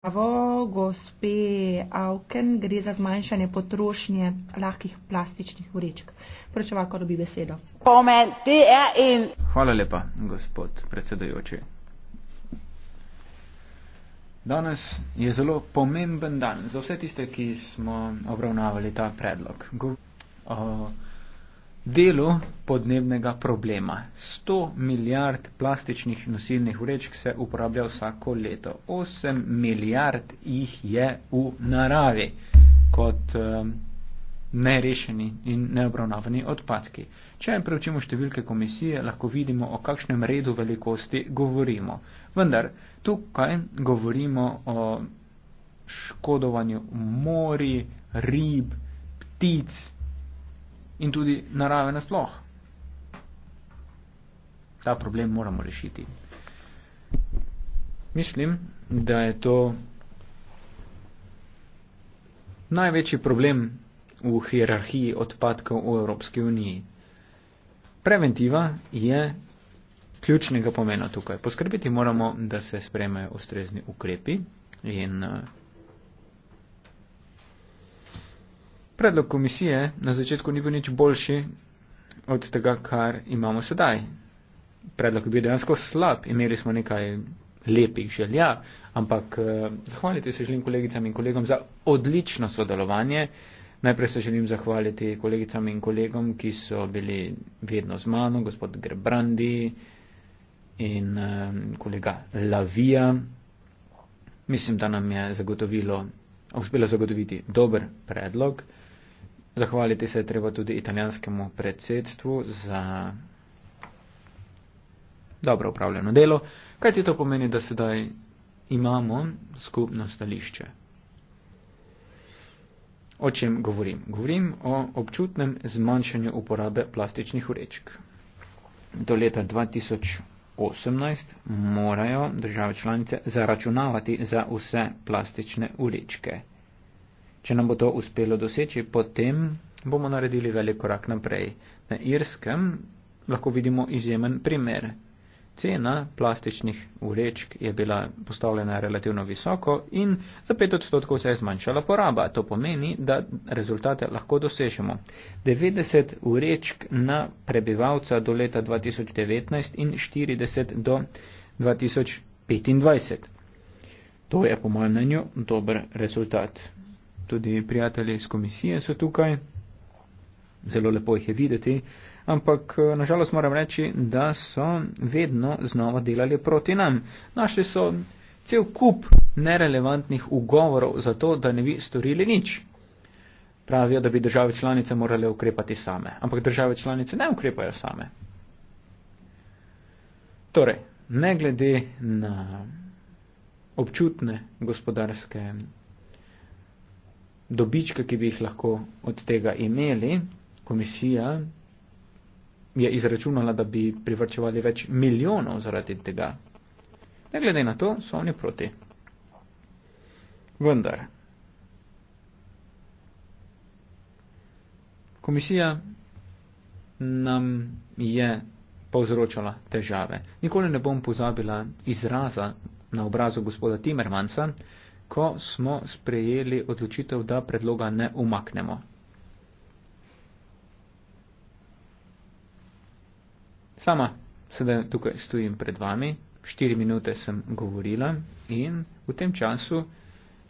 Pravo, gospe Auken, gre za zmanjšanje potrošnje lahkih plastičnih vrečk. Pročevalko dobi besedo. Er Hvala lepa, gospod predsedajoči. Danes je zelo pomemben dan za vse tiste, ki smo obravnavali ta predlog. Go uh, delu podnebnega problema. 100 milijard plastičnih nosilnih vrečk se uporablja vsako leto. 8 milijard jih je v naravi kot um, nerešeni in neobravnavani odpadki. Če preučimo številke komisije, lahko vidimo, o kakšnem redu velikosti govorimo. Vendar tukaj govorimo o škodovanju mori, rib, ptic, in tudi narave nasploh. Ta problem moramo rešiti. Mislim, da je to največji problem v hierarhiji odpadkov v Evropski uniji. Preventiva je ključnega pomena tukaj. Poskrbiti moramo, da se spremejo ustrezni ukrepi in uh, Predlog komisije na začetku ni bil nič boljši od tega, kar imamo sedaj. Predlog je bil dejansko slab, imeli smo nekaj lepih želja, ampak eh, zahvaliti se želim kolegicam in kolegom za odlično sodelovanje. Najprej se želim zahvaliti kolegicam in kolegom, ki so bili vedno z mano, gospod Grebrandi in eh, kolega Lavija. Mislim, da nam je zagotovilo, uspelo zagotoviti dober predlog. Zahvaliti se je treba tudi italijanskemu predsedstvu za dobro upravljeno delo, kaj ti to pomeni, da sedaj imamo skupno stališče. O čem govorim? Govorim o občutnem zmanjšanju uporabe plastičnih vrečk. Do leta 2018 morajo države članice zaračunavati za vse plastične vrečke. Če nam bo to uspelo doseči, potem bomo naredili velik korak naprej. Na Irskem lahko vidimo izjemen primer. Cena plastičnih vrečk je bila postavljena relativno visoko in za 5 odstotkov se je zmanjšala poraba. To pomeni, da rezultate lahko dosežemo. 90 vrečk na prebivalca do leta 2019 in 40 do 2025. To je po mojem mnenju dober rezultat tudi prijatelji iz komisije so tukaj, zelo lepo jih je videti, ampak eh, nažalost moram reči, da so vedno znova delali proti nam. Našli so cel kup nerelevantnih ugovorov za to, da ne bi storili nič. Pravijo, da bi države članice morale ukrepati same, ampak države članice ne ukrepajo same. Torej, ne glede na občutne gospodarske dobička, ki bi jih lahko od tega imeli, komisija je izračunala, da bi privrčevali več milijonov zaradi tega. Ne glede na to, so oni proti. Vendar. Komisija nam je povzročala težave. Nikoli ne bom pozabila izraza na obrazu gospoda Timermansa, ko smo sprejeli odločitev, da predloga ne umaknemo. Sama sedaj tukaj stojim pred vami, štiri minute sem govorila in v tem času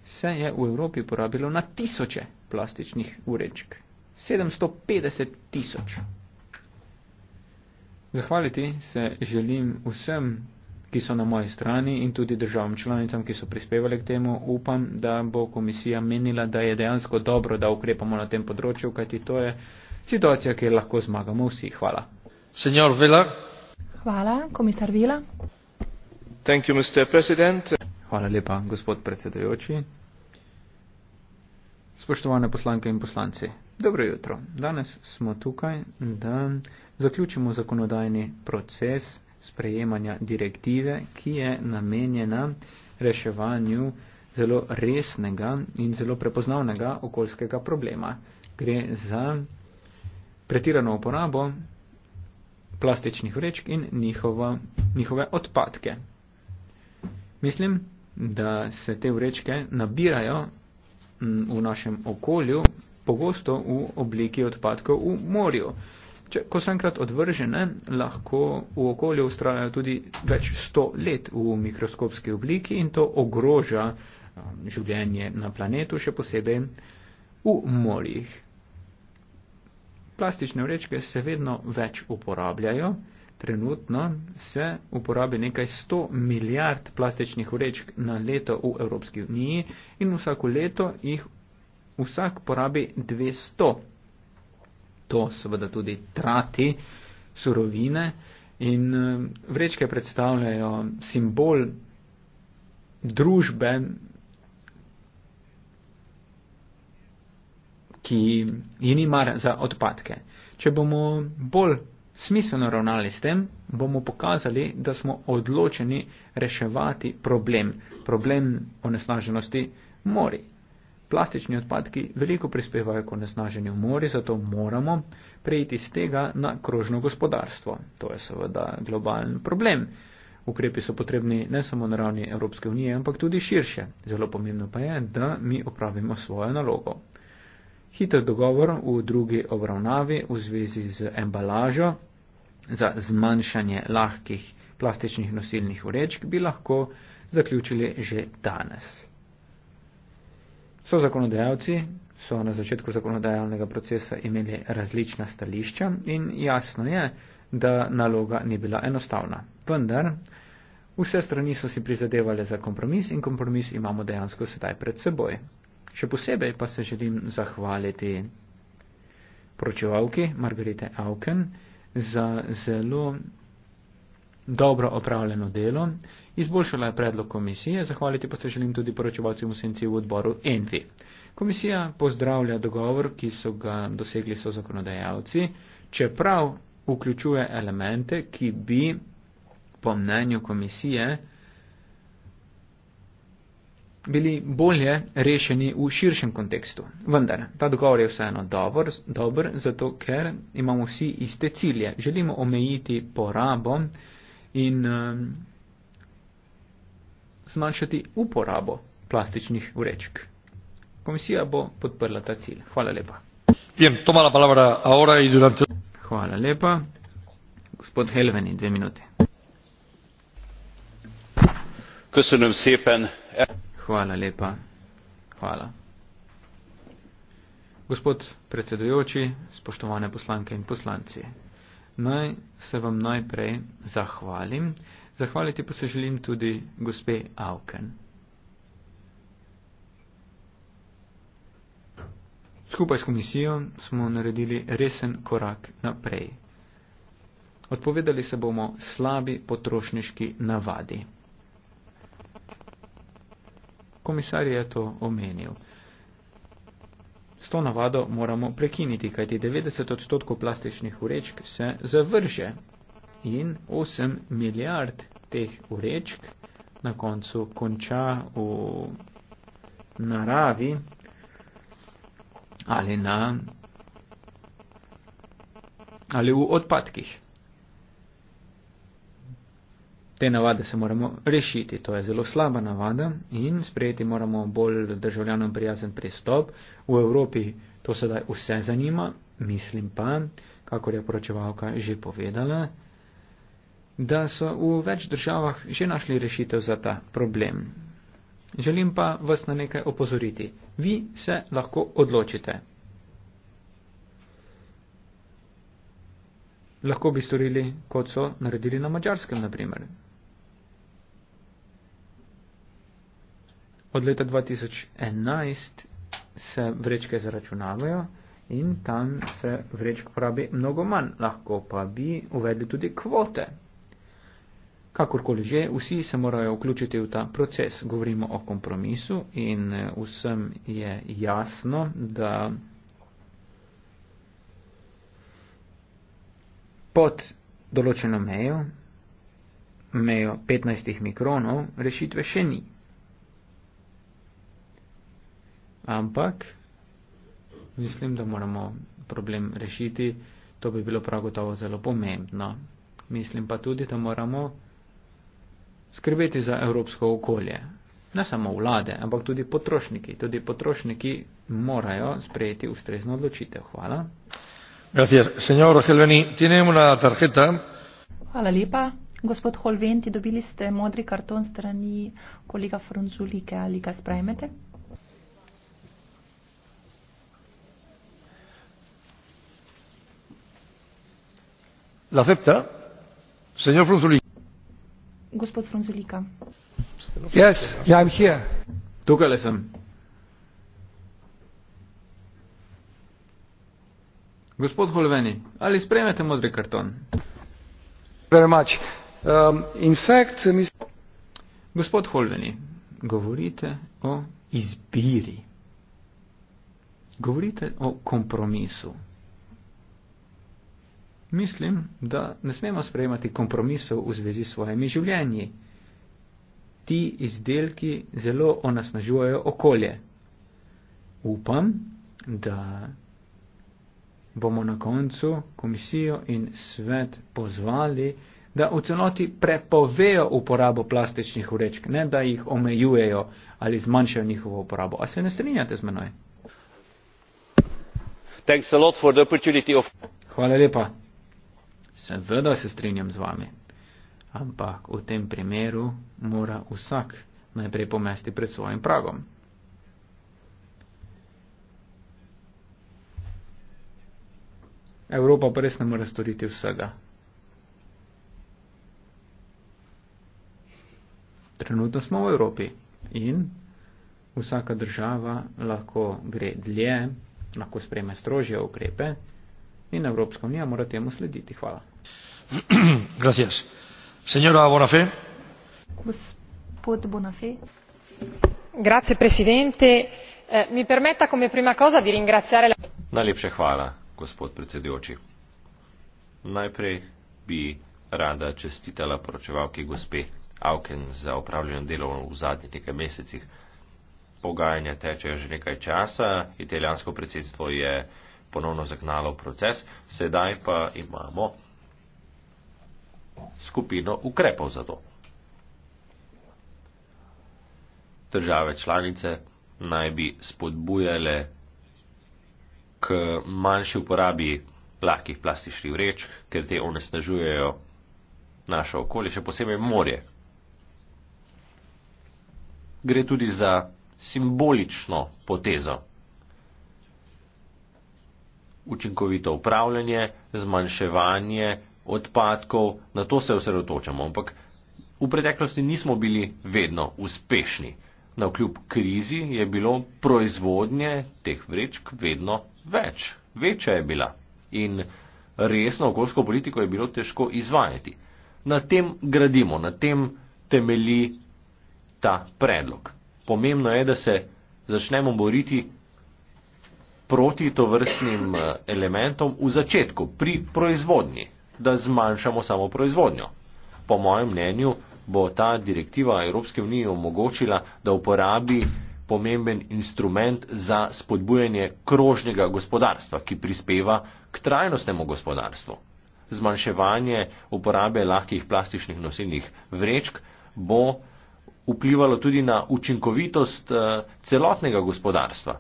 se je v Evropi porabilo na tisoče plastičnih urečk. 750 tisoč. Zahvaliti se želim vsem ki so na moji strani in tudi državam članicam, ki so prispevali k temu. Upam, da bo komisija menila, da je dejansko dobro, da ukrepamo na tem področju, kajti to je situacija, kjer lahko zmagamo vsi. Hvala. Senjor Vila. Hvala, komisar Vila. Thank you, Mr. President. Hvala lepa, gospod predsedajoči. Spoštovane poslanke in poslanci, dobro jutro. Danes smo tukaj, da zaključimo zakonodajni proces sprejemanja direktive, ki je namenjena reševanju zelo resnega in zelo prepoznavnega okoljskega problema. Gre za pretirano uporabo plastičnih vrečk in njihova, njihove odpadke. Mislim, da se te vrečke nabirajo mm, v našem okolju, pogosto v obliki odpadkov v morju. Če, ko so enkrat odvržene, lahko v okolju ustrajajo tudi več sto let v mikroskopski obliki in to ogroža um, življenje na planetu, še posebej v morjih. Plastične vrečke se vedno več uporabljajo. Trenutno se uporabi nekaj 100 milijard plastičnih vrečk na leto v Evropski uniji in vsako leto jih vsak porabi 200 to seveda tudi trati surovine in eh, vrečke predstavljajo simbol družbe, ki je ni mar za odpadke. Če bomo bolj smiselno ravnali s tem, bomo pokazali, da smo odločeni reševati problem, problem onesnaženosti mori. Plastični odpadki veliko prispevajo k onesnaženju mori, zato moramo prejiti z tega na krožno gospodarstvo. To je seveda globalen problem. Ukrepi so potrebni ne samo na ravni Evropske unije, ampak tudi širše. Zelo pomembno pa je, da mi opravimo svojo nalogo. Hiter dogovor v drugi obravnavi v zvezi z embalažo za zmanjšanje lahkih plastičnih nosilnih vrečk bi lahko zaključili že danes. So zakonodajalci, so na začetku zakonodajalnega procesa imeli različna stališča in jasno je, da naloga ni bila enostavna. Vendar, vse strani so si prizadevali za kompromis in kompromis imamo dejansko sedaj pred seboj. Še posebej pa se želim zahvaliti poročevalki Margarete Auken za zelo dobro opravljeno delo izboljšala je predlog komisije, zahvaliti pa se želim tudi poročevalcem v senci v odboru ENVI. Komisija pozdravlja dogovor, ki so ga dosegli so zakonodajalci, čeprav vključuje elemente, ki bi po mnenju komisije bili bolje rešeni v širšem kontekstu. Vendar, ta dogovor je vseeno dober, dober, zato ker imamo vsi iste cilje. Želimo omejiti porabo in um, zmanjšati uporabo plastičnih vrečk. Komisija bo podprla ta cilj. Hvala lepa. Bien, toma la palabra ahora y durante... Hvala lepa. Gospod Helveni, dve minute. Köszönöm szépen. Hvala lepa. Hvala. Gospod predsedujoči, spoštovane poslanke in poslanci, naj se vam najprej zahvalim. Zahvaliti pa se želim tudi gospe Avken. Skupaj s komisijo smo naredili resen korak naprej. Odpovedali se bomo slabi potrošniški navadi. Komisar je to omenil. S to navado moramo prekiniti, kajti 90 odstotkov plastičnih vrečk se zavrže in 8 milijard teh urečk na koncu konča v naravi ali, na, ali v odpadkih. Te navade se moramo rešiti, to je zelo slaba navada in sprejeti moramo bolj državljanom prijazen pristop. V Evropi to sedaj vse zanima, mislim pa, kakor je poročevalka že povedala, da so v več državah že našli rešitev za ta problem. Želim pa vas na nekaj opozoriti. Vi se lahko odločite. Lahko bi storili, kot so naredili na mačarskem, naprimer. Od leta 2011 se vrečke zaračunavajo in tam se vrečk porabi mnogo manj. Lahko pa bi uvedli tudi kvote, Kakorkoli že, vsi se morajo vključiti v ta proces. Govorimo o kompromisu in eh, vsem je jasno, da pod določeno mejo, mejo 15 mikronov, rešitve še ni. Ampak mislim, da moramo problem rešiti, to bi bilo prav gotovo zelo pomembno. Mislim pa tudi, da moramo skrbeti za evropsko okolje. Ne samo vlade, ampak tudi potrošniki. Tudi potrošniki morajo sprejeti ustrezno odločitev. Hvala. Hvala lepa. Gospod Holventi, dobili ste modri karton strani kolega Frunzulike. Ali ga sprejmete? L'accepta, señor Frunzulli gospod Franzolika. Yes, yeah, I'm here. Tukaj le sem. Gospod Holveni, ali sprejmete modri karton? Very much. Um, in fact, mis... Gospod Holveni, govorite o izbiri. Govorite o kompromisu mislim, da ne smemo sprejemati kompromisov v zvezi s svojimi življenji. Ti izdelki zelo onasnažujejo okolje. Upam, da bomo na koncu komisijo in svet pozvali, da v celoti prepovejo uporabo plastičnih vrečk, ne da jih omejujejo ali zmanjšajo njihovo uporabo. A se ne strinjate z menoj? Hvala lepa. Seveda se strinjam z vami, ampak v tem primeru mora vsak najprej pomesti pred svojim pragom. Evropa pa res ne more storiti vsega. Trenutno smo v Evropi in vsaka država lahko gre dlje, lahko sprejme strožje ukrepe in Evropska unija mora temu slediti. Hvala signor presidente eh, mi permetta come prima cosa di ringraziare. najlepša hvala gospod predsedujoči najprej bi rada čestitala poročevalki gospe auken za opravljeno delo v zadnjih nekaj mesecih. Pogajanja tečejo že nekaj časa, italijansko predsedstvo je ponovno zagnalo proces, sedaj pa imamo skupino ukrepov za to. Države članice naj bi spodbujale k manjši uporabi lahkih plastičnih vreč, ker te onesnažujejo naše okolje, še posebej morje. Gre tudi za simbolično potezo. Učinkovito upravljanje, zmanjševanje odpadkov, na to se osredotočamo, ampak v preteklosti nismo bili vedno uspešni. Na kljub krizi je bilo proizvodnje teh vrečk vedno več, večja je bila in resno okoljsko politiko je bilo težko izvajati. Na tem gradimo, na tem temelji ta predlog. Pomembno je, da se začnemo boriti proti tovrstnim eh, elementom v začetku, pri proizvodnji da zmanjšamo samo proizvodnjo. Po mojem mnenju bo ta direktiva Evropske unije omogočila, da uporabi pomemben instrument za spodbujanje krožnega gospodarstva, ki prispeva k trajnostnemu gospodarstvu. Zmanjševanje uporabe lahkih plastičnih nosilnih vrečk bo vplivalo tudi na učinkovitost eh, celotnega gospodarstva.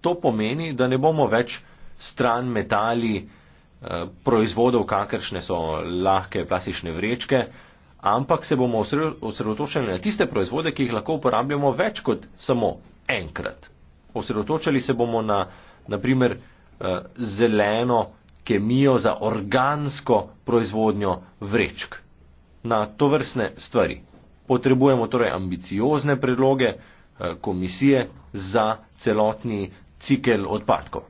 To pomeni, da ne bomo več stran metali proizvodov, kakršne so lahke plastične vrečke, ampak se bomo osredotočali na tiste proizvode, ki jih lahko uporabljamo več kot samo enkrat. Osredotočali se bomo na, na primer, eh, zeleno kemijo za organsko proizvodnjo vrečk, na to vrstne stvari. Potrebujemo torej ambiciozne predloge eh, komisije za celotni cikel odpadkov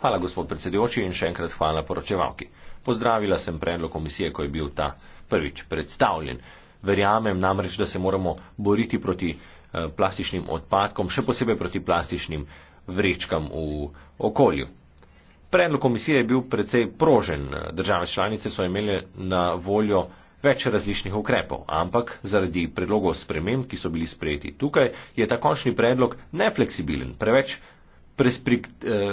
hvala gospod predsedujoči in še enkrat hvala poročevalki. Pozdravila sem predlog komisije, ko je bil ta prvič predstavljen. Verjamem namreč, da se moramo boriti proti eh, plastičnim odpadkom, še posebej proti plastičnim vrečkam v okolju. Predlog komisije je bil precej prožen. Države članice so imele na voljo več različnih ukrepov, ampak zaradi predlogov sprememb, ki so bili sprejeti tukaj, je ta končni predlog nefleksibilen, preveč eh,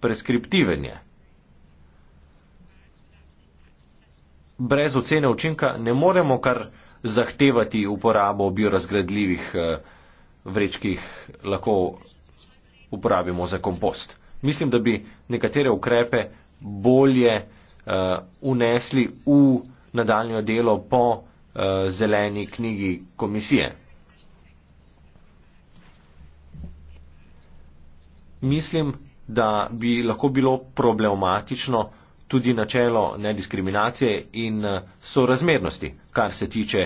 preskriptiven je. Brez ocene učinka ne moremo kar zahtevati uporabo biorazgradljivih eh, vrečkih, lahko uporabimo za kompost. Mislim, da bi nekatere ukrepe bolje uh, eh, unesli v nadaljno delo po uh, zeleni knjigi komisije. Mislim, da bi lahko bilo problematično tudi načelo nediskriminacije in eh, sorazmernosti, kar se tiče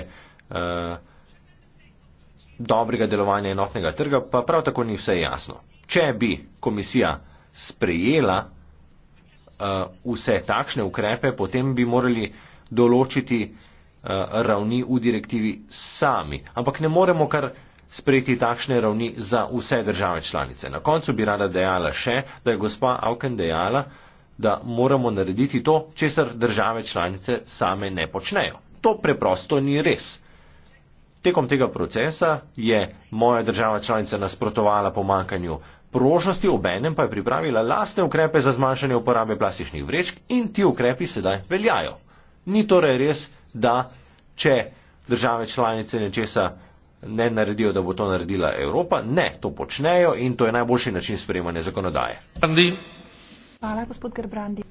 eh, dobrega delovanja enotnega trga, pa prav tako ni vse jasno. Če bi komisija sprejela eh, vse takšne ukrepe, potem bi morali eh, določiti eh, ravni v direktivi sami. Ampak ne moremo kar sprejeti takšne ravni za vse države članice. Na koncu bi rada dejala še, da je gospa Auken dejala, da moramo narediti to, česar države članice same ne počnejo. To preprosto ni res. Tekom tega procesa je moja država članica nasprotovala pomankanju prožnosti, obenem pa je pripravila lastne ukrepe za zmanjšanje uporabe plastičnih vrečk in ti ukrepi sedaj veljajo. Ni torej res, da če države članice nečesa ne naredijo, da bo to naredila Evropa. Ne, to počnejo in to je najboljši način sprejemanja zakonodaje. Andi. Hvala, gospod Gerbrandi.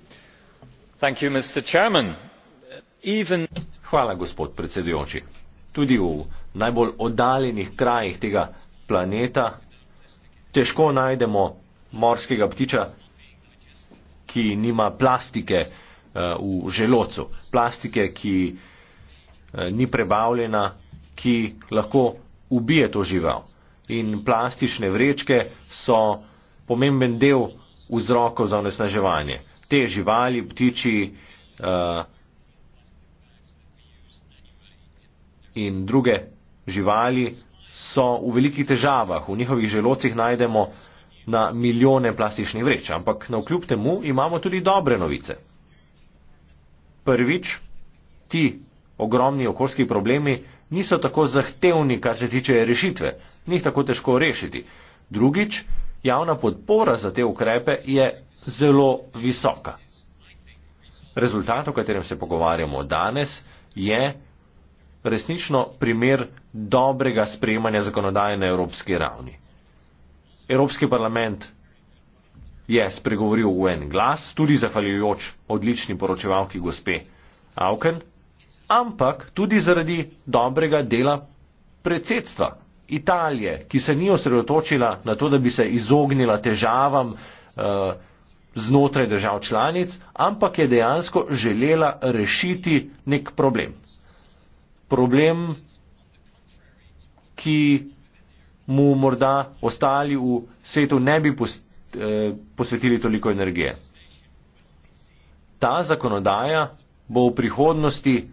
You, Even... Hvala, gospod predsedujoči. Tudi v najbolj oddaljenih krajih tega planeta težko najdemo morskega ptiča, ki nima plastike. Eh, v želocu. Plastike, ki eh, ni prebavljena, ki lahko ubije to žival. In plastične vrečke so pomemben del vzrokov za onesnaževanje. Te živali, ptiči eh, in druge živali so v velikih težavah. V njihovih želocih najdemo na milijone plastičnih vreč. Ampak na vkljub temu imamo tudi dobre novice prvič, ti ogromni okoljski problemi niso tako zahtevni, kar se tiče rešitve, njih tako težko rešiti. Drugič, javna podpora za te ukrepe je zelo visoka. Rezultat, o katerem se pogovarjamo danes, je resnično primer dobrega sprejemanja zakonodaje na evropski ravni. Evropski parlament je spregovoril v en glas, tudi zahvaljujoč odlični poročevalki gospe Auken, ampak tudi zaradi dobrega dela predsedstva Italije, ki se ni osredotočila na to, da bi se izognila težavam uh, znotraj držav članic, ampak je dejansko želela rešiti nek problem. Problem, ki mu morda ostali v svetu ne bi postavili posvetili toliko energije. Ta zakonodaja bo v prihodnosti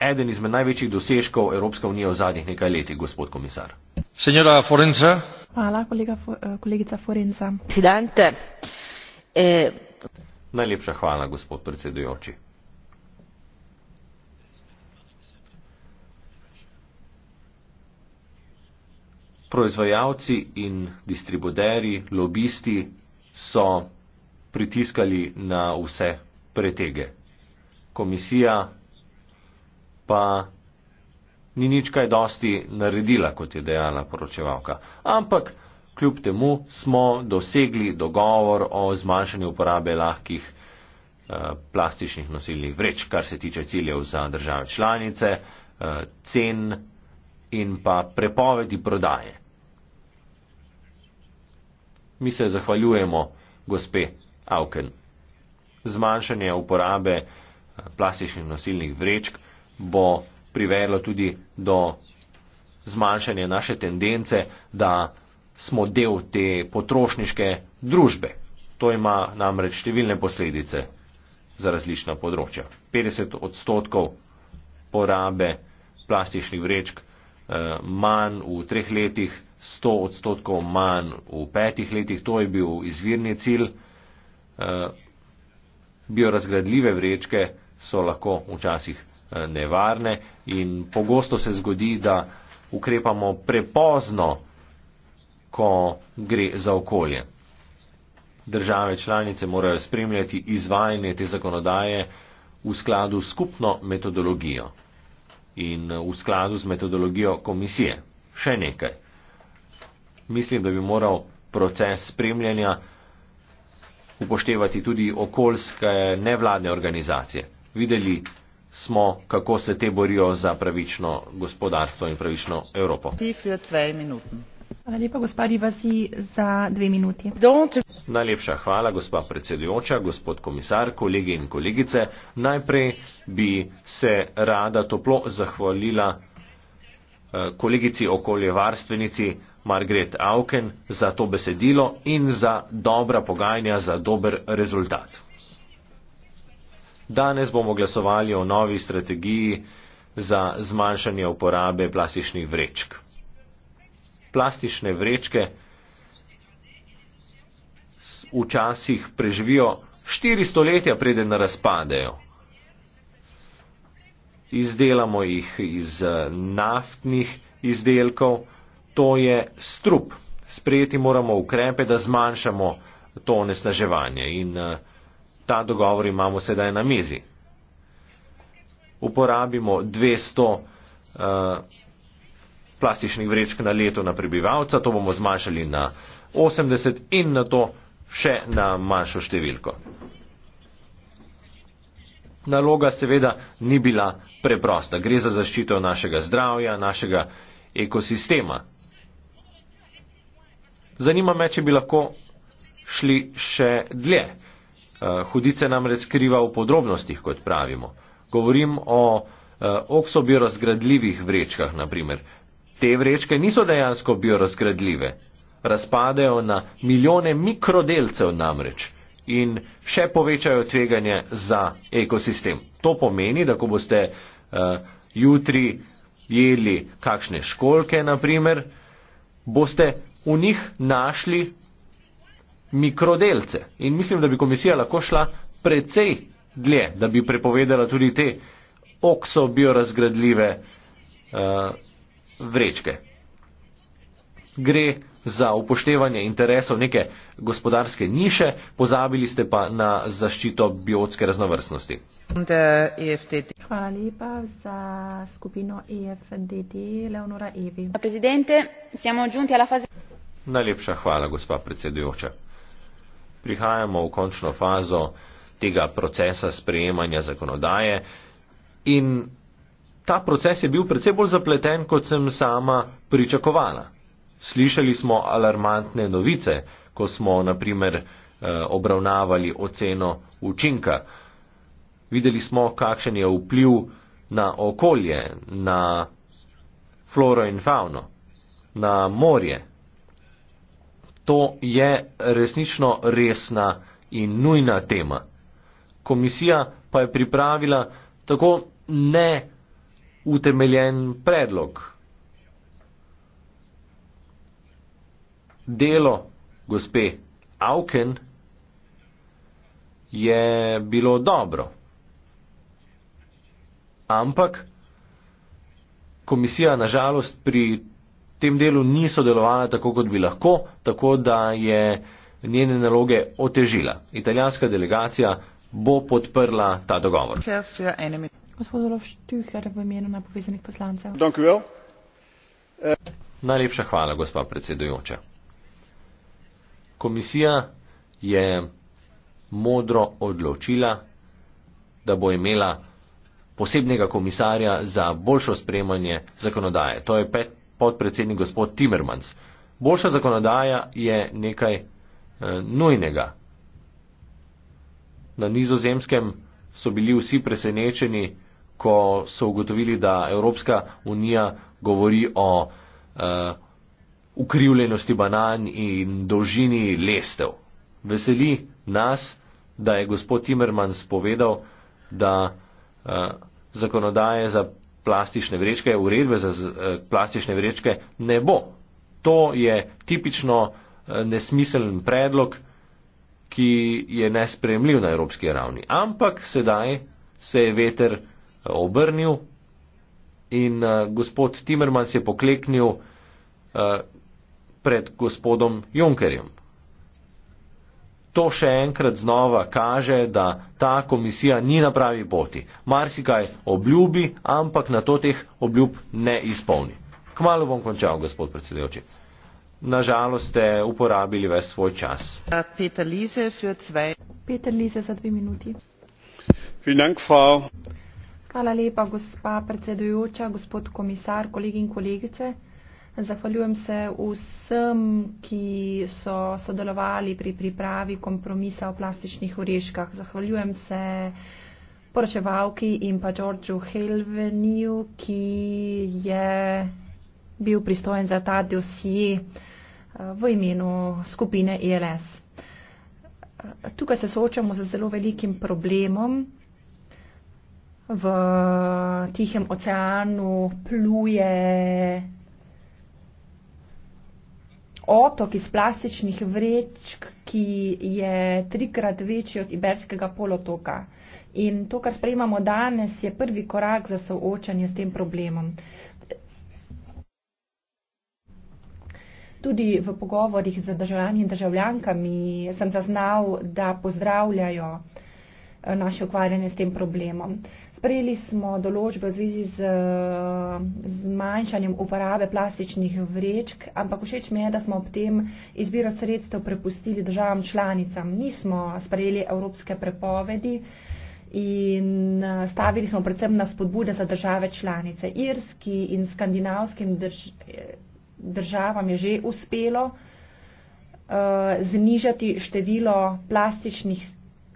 eden izmed največjih dosežkov Evropske unije v zadnjih nekaj letih, gospod komisar. Signora Forenza. Hvala, kolega, eh, kolegica Forenza. Presidente. Eh... Najlepša hvala, gospod predsedujoči. proizvajalci in distributeri, lobisti so pritiskali na vse pretege. Komisija pa ni nič kaj dosti naredila, kot je dejala poročevalka. Ampak kljub temu smo dosegli dogovor o zmanjšanju uporabe lahkih eh, plastičnih nosilnih vreč, kar se tiče ciljev za države članice, eh, cen in pa prepovedi prodaje. Mi se zahvaljujemo, gospe Auken. Zmanjšanje uporabe eh, plastičnih nosilnih vrečk bo privedlo tudi do zmanjšanja naše tendence, da smo del te potrošniške družbe. To ima namreč številne posledice za različna področja. 50 odstotkov porabe plastičnih vrečk eh, manj v treh letih 100 odstotkov manj v petih letih, to je bil izvirni cilj. Eh, biorazgradljive vrečke so lahko včasih eh, nevarne in pogosto se zgodi, da ukrepamo prepozno, ko gre za okolje. Države članice morajo spremljati izvajanje te zakonodaje v skladu s skupno metodologijo in eh, v skladu z metodologijo komisije. Še nekaj mislim, da bi moral proces spremljanja upoštevati tudi okoljske nevladne organizacije. Videli smo, kako se te borijo za pravično gospodarstvo in pravično Evropo. Hvala lepa, gospod Ivasi, za dve minuti. Najlepša hvala, gospod predsedujoča, gospod komisar, kolege in kolegice. Najprej bi se rada toplo zahvalila eh, kolegici okoljevarstvenici Margret Auken za to besedilo in za dobra pogajanja za dober rezultat. Danes bomo glasovali o novi strategiji za zmanjšanje uporabe plastičnih vrečk. Plastične vrečke včasih preživijo 400 letja, preden razpadejo. Izdelamo jih iz eh, naftnih izdelkov, to je strup. Sprejeti moramo ukrepe, da zmanjšamo to onesnaževanje in eh, ta dogovor imamo sedaj na mizi. Uporabimo 200 uh, eh, plastičnih vrečk na leto na prebivalca, to bomo zmanjšali na 80 in na to še na manjšo številko. Naloga seveda ni bila preprosta. Gre za zaščito našega zdravja, našega ekosistema. Zanima me, če bi lahko šli še dlje. Eh, hudice nam razkriva v podrobnostih, kot pravimo. Govorim o eh, oksobiorazgradljivih vrečkah, naprimer. Te vrečke niso dejansko biorazgradljive. Razpadejo na milijone mikrodelcev namreč in še povečajo tveganje za ekosistem. To pomeni, da ko boste uh, jutri jedli kakšne školke, naprimer, boste v njih našli mikrodelce. In mislim, da bi komisija lahko šla precej dlje, da bi prepovedala tudi te oksobiorazgradljive uh, vrečke. Gre za upoštevanje interesov neke gospodarske niše, pozabili ste pa na zaščito biotske raznovrstnosti. Hvala lepa za skupino EFDT, Leonora Evi. Najlepša hvala, gospa predsedujoča. Prihajamo v končno fazo tega procesa sprejemanja zakonodaje in ta proces je bil predvsej bolj zapleten, kot sem sama pričakovala. Slišali smo alarmantne novice, ko smo naprimer eh, obravnavali oceno učinka. Videli smo, kakšen je vpliv na okolje, na floro in fauno, na morje, to je resnično resna in nujna tema. Komisija pa je pripravila tako neutemeljen predlog. Delo gospe Auken je bilo dobro, ampak komisija nažalost pri tem delu ni sodelovala tako, kot bi lahko, tako da je njene naloge otežila. Italijanska delegacija bo podprla ta dogovor. Najlepša hvala, gospa predsedujoča. Komisija je modro odločila, da bo imela posebnega komisarja za boljšo spremanje zakonodaje. To je pet, podpredsednik gospod Timmermans. Boljša zakonodaja je nekaj eh, nujnega. Na nizozemskem so bili vsi presenečeni, ko so ugotovili, da Evropska unija govori o eh, ukrivljenosti banan in dolžini lestev. Veseli nas, da je gospod Timmermans povedal, da eh, zakonodaje za plastične vrečke, uredbe za eh, plastične vrečke ne bo. To je tipično eh, nesmiseln predlog, ki je nespremljiv na evropski ravni. Ampak sedaj se je veter eh, obrnil in gospod Timmermans je pokleknil pred gospodom Junkerjem to še enkrat znova kaže, da ta komisija ni na pravi poti. Marsikaj obljubi, ampak na to teh obljub ne izpolni. Kmalo bom končal, gospod predsedujoči. Nažalost ste uporabili ves svoj čas. Peter Lize, Peter Lize za dve minuti. Hvala lepa, gospa predsedujoča, gospod komisar, kolegi in kolegice. Zahvaljujem se vsem, ki so sodelovali pri pripravi kompromisa o plastičnih ureškah. Zahvaljujem se poročevalki in pa Đorđu Helveniju, ki je bil pristojen za ta dosje eh, v imenu skupine ILS. E Tukaj se soočamo z zelo velikim problemom. V Tihem oceanu pluje otok iz plastičnih vrečk, ki je trikrat večji od Iberskega polotoka. In to, kar sprejemamo danes, je prvi korak za soočanje s tem problemom. Tudi v pogovorih z državljani in državljankami sem zaznal, da pozdravljajo eh, naše ukvarjanje s tem problemom. Uh, Sprejeli smo določbe v zvezi z eh, zmanjšanjem uporabe plastičnih vrečk, ampak všeč mi je, da smo ob tem izbiro sredstev prepustili državam članicam. Nismo sprejeli evropske prepovedi in eh, stavili smo predvsem na spodbude za države članice. Irski in skandinavskim drž državam je že uspelo uh, znižati število plastičnih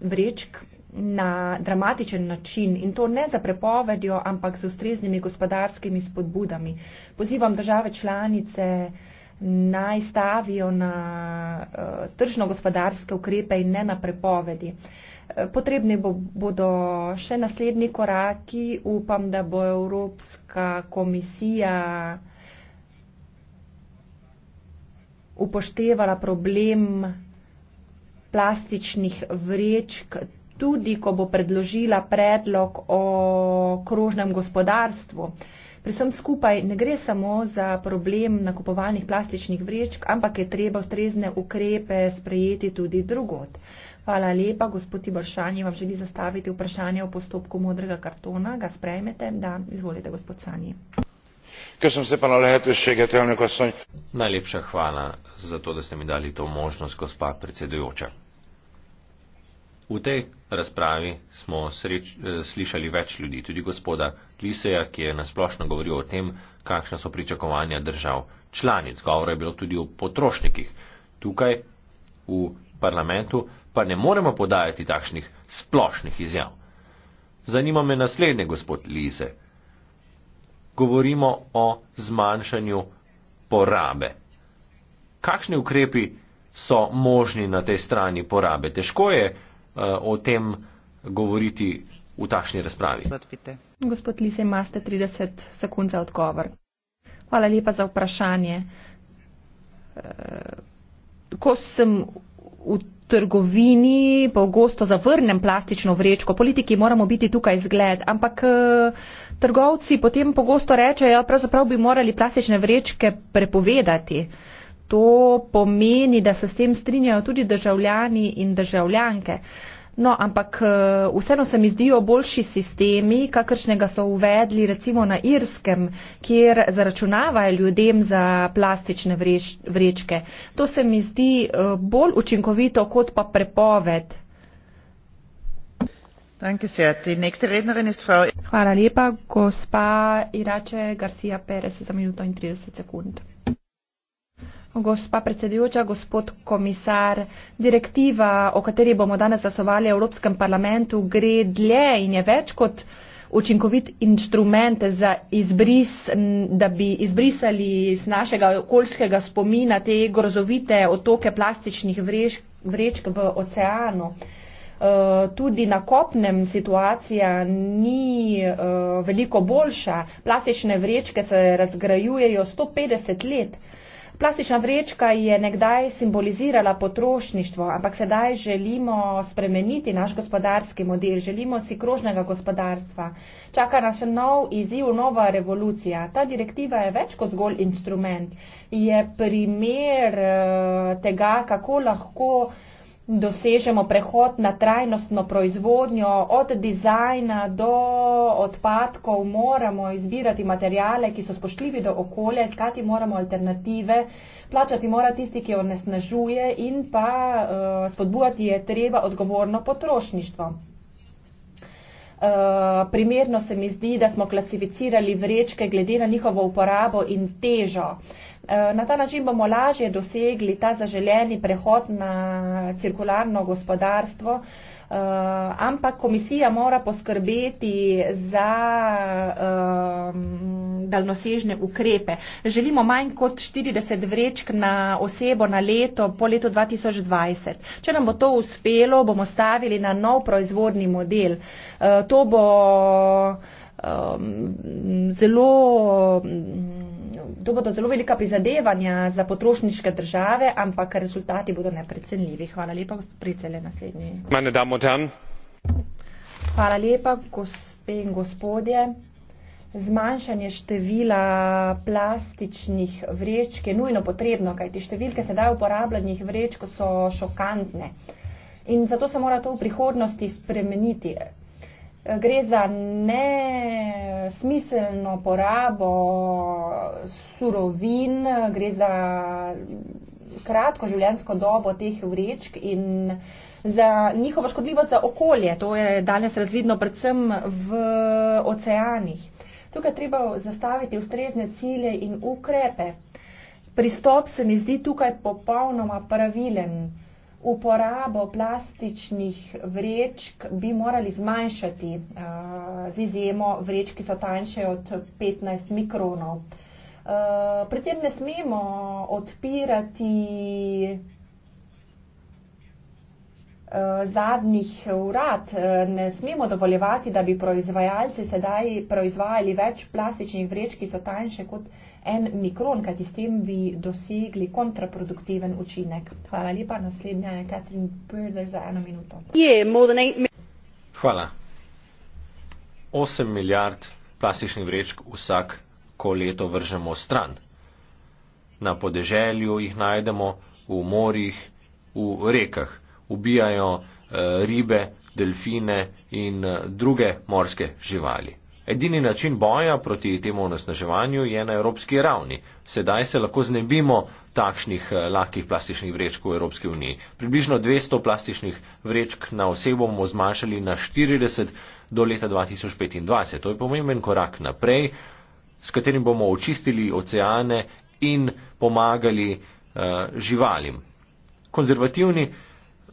vrečk na dramatičen način in to ne za prepovedjo, ampak z ustreznimi gospodarskimi spodbudami. Pozivam države članice naj stavijo na uh, tržno gospodarske ukrepe in ne na prepovedi. Eh, potrebni bo, bodo še naslednji koraki. Upam, da bo Evropska komisija upoštevala problem plastičnih vrečk tudi ko bo predložila predlog o krožnem gospodarstvu. Pri vsem skupaj ne gre samo za problem nakupovalnih plastičnih vrečk, ampak je treba ustrezne ukrepe sprejeti tudi drugot. Hvala lepa, gospod Ibršanji, vam želi zastaviti vprašanje o postopku modrega kartona. Ga sprejmete? Da, izvolite, gospod Sanji. Sem se pa na letu še getevnik osnovi. Najlepša hvala za to, da ste mi dali to možnost, gospa predsedujoča. V tej razpravi smo sreč, eh, slišali več ljudi, tudi gospoda Kliseja, ki je nasplošno govoril o tem, kakšne so pričakovanja držav članic. Govora je bilo tudi o potrošnikih. Tukaj v parlamentu pa ne moremo podajati takšnih splošnih izjav. Zanima me naslednje, gospod Lize. Govorimo o zmanjšanju porabe. Kakšni ukrepi so možni na tej strani porabe? Težko je o tem govoriti v takšni razpravi. Odpite. Gospod Lise, imate 30 sekund za odgovor. Hvala lepa za vprašanje. Eh, ko sem v trgovini, pogosto zavrnem plastično vrečko. Politiki moramo biti tukaj zgled, ampak eh, trgovci potem pogosto rečejo, ja, pravzaprav bi morali plastične vrečke prepovedati to pomeni, da se s tem strinjajo tudi državljani in državljanke. No, ampak eh, vseeno se mi zdijo boljši sistemi, kakršnega so uvedli recimo na Irskem, kjer zaračunavajo ljudem za plastične vrečke. To se mi zdi eh, bolj učinkovito kot pa prepoved. Hvala lepa, gospa Irače Garcia Perez za minuto in 30 sekund. Gospa predsedujoča, gospod komisar, direktiva, o kateri bomo danes zasovali v Evropskem parlamentu, gre dlje in je več kot učinkovit inštrument za izbris, da bi izbrisali iz našega okoljskega spomina te grozovite otoke plastičnih vreč, vrečk v oceanu. E, tudi na kopnem situacija ni e, veliko boljša. Plastične vrečke se razgrajujejo 150 let. Plastična vrečka je nekdaj simbolizirala potrošništvo, ampak sedaj želimo spremeniti naš gospodarski model, želimo si krožnega gospodarstva. Čaka nas še nov izziv, nova revolucija. Ta direktiva je več kot zgolj instrument, je primer eh, tega, kako lahko dosežemo prehod na trajnostno proizvodnjo, od dizajna do odpadkov, moramo izbirati materijale, ki so spoštljivi do okolja, iskati moramo alternative, plačati mora tisti, ki onesnažuje in pa uh, spodbujati je treba odgovorno potrošništvo. Uh, primerno se mi zdi, da smo klasificirali vrečke glede na njihovo uporabo in težo. Uh, Eh, na ta način bomo lažje dosegli ta zaželeni prehod na cirkularno gospodarstvo, eh, ampak komisija mora poskrbeti za eh, daljnosežne ukrepe. Želimo manj kot 40 vrečk na osebo na leto po letu 2020. Če nam bo to uspelo, bomo stavili na nov proizvodni model. To bo um, zelo, to bodo zelo velika prizadevanja za potrošniške države, ampak rezultati bodo neprecenljivi. Hvala lepa, gospod Pricele, naslednji. Hvala lepa, gospe in gospodje. Zmanjšanje števila plastičnih vrečk je nujno potrebno, kajti številke sedaj uporabljenih vrečk so šokantne. In zato se mora to v prihodnosti spremeniti gre za nesmiselno porabo surovin, gre za kratko življenjsko dobo teh vrečk in za njihovo škodljivost za okolje. To je danes razvidno predvsem v oceanih. Tukaj treba zastaviti ustrezne cilje in ukrepe. Pristop se mi zdi tukaj popolnoma pravilen uporabo plastičnih vrečk bi morali zmanjšati eh, z izjemo vrečk, ki so tanjše od 15 mikronov. Eh, pri tem ne smemo odpirati Eh, zadnjih urad eh, ne smemo dovoljevati, da bi proizvajalci sedaj proizvajali več plastičnih vreč, ki so tanjše kot en mikron, kajti s tem bi dosegli kontraproduktiven učinek. Hvala lepa, naslednja je Katrin Pirder za eno minuto. Hvala. 8 milijard plastičnih vrečk vsak ko leto vržemo stran. Na podeželju jih najdemo, v morjih, v rekah ubijajo eh, ribe, delfine in eh, druge morske živali. Edini način boja proti temu onesnaževanju je na evropski ravni. Sedaj se lahko znebimo takšnih eh, lahkih plastičnih vrečk v Evropski uniji. Približno 200 plastičnih vrečk na osebo bomo zmanjšali na 40 do leta 2025. To je pomemben korak naprej, s katerim bomo očistili oceane in pomagali uh, živalim. Konzervativni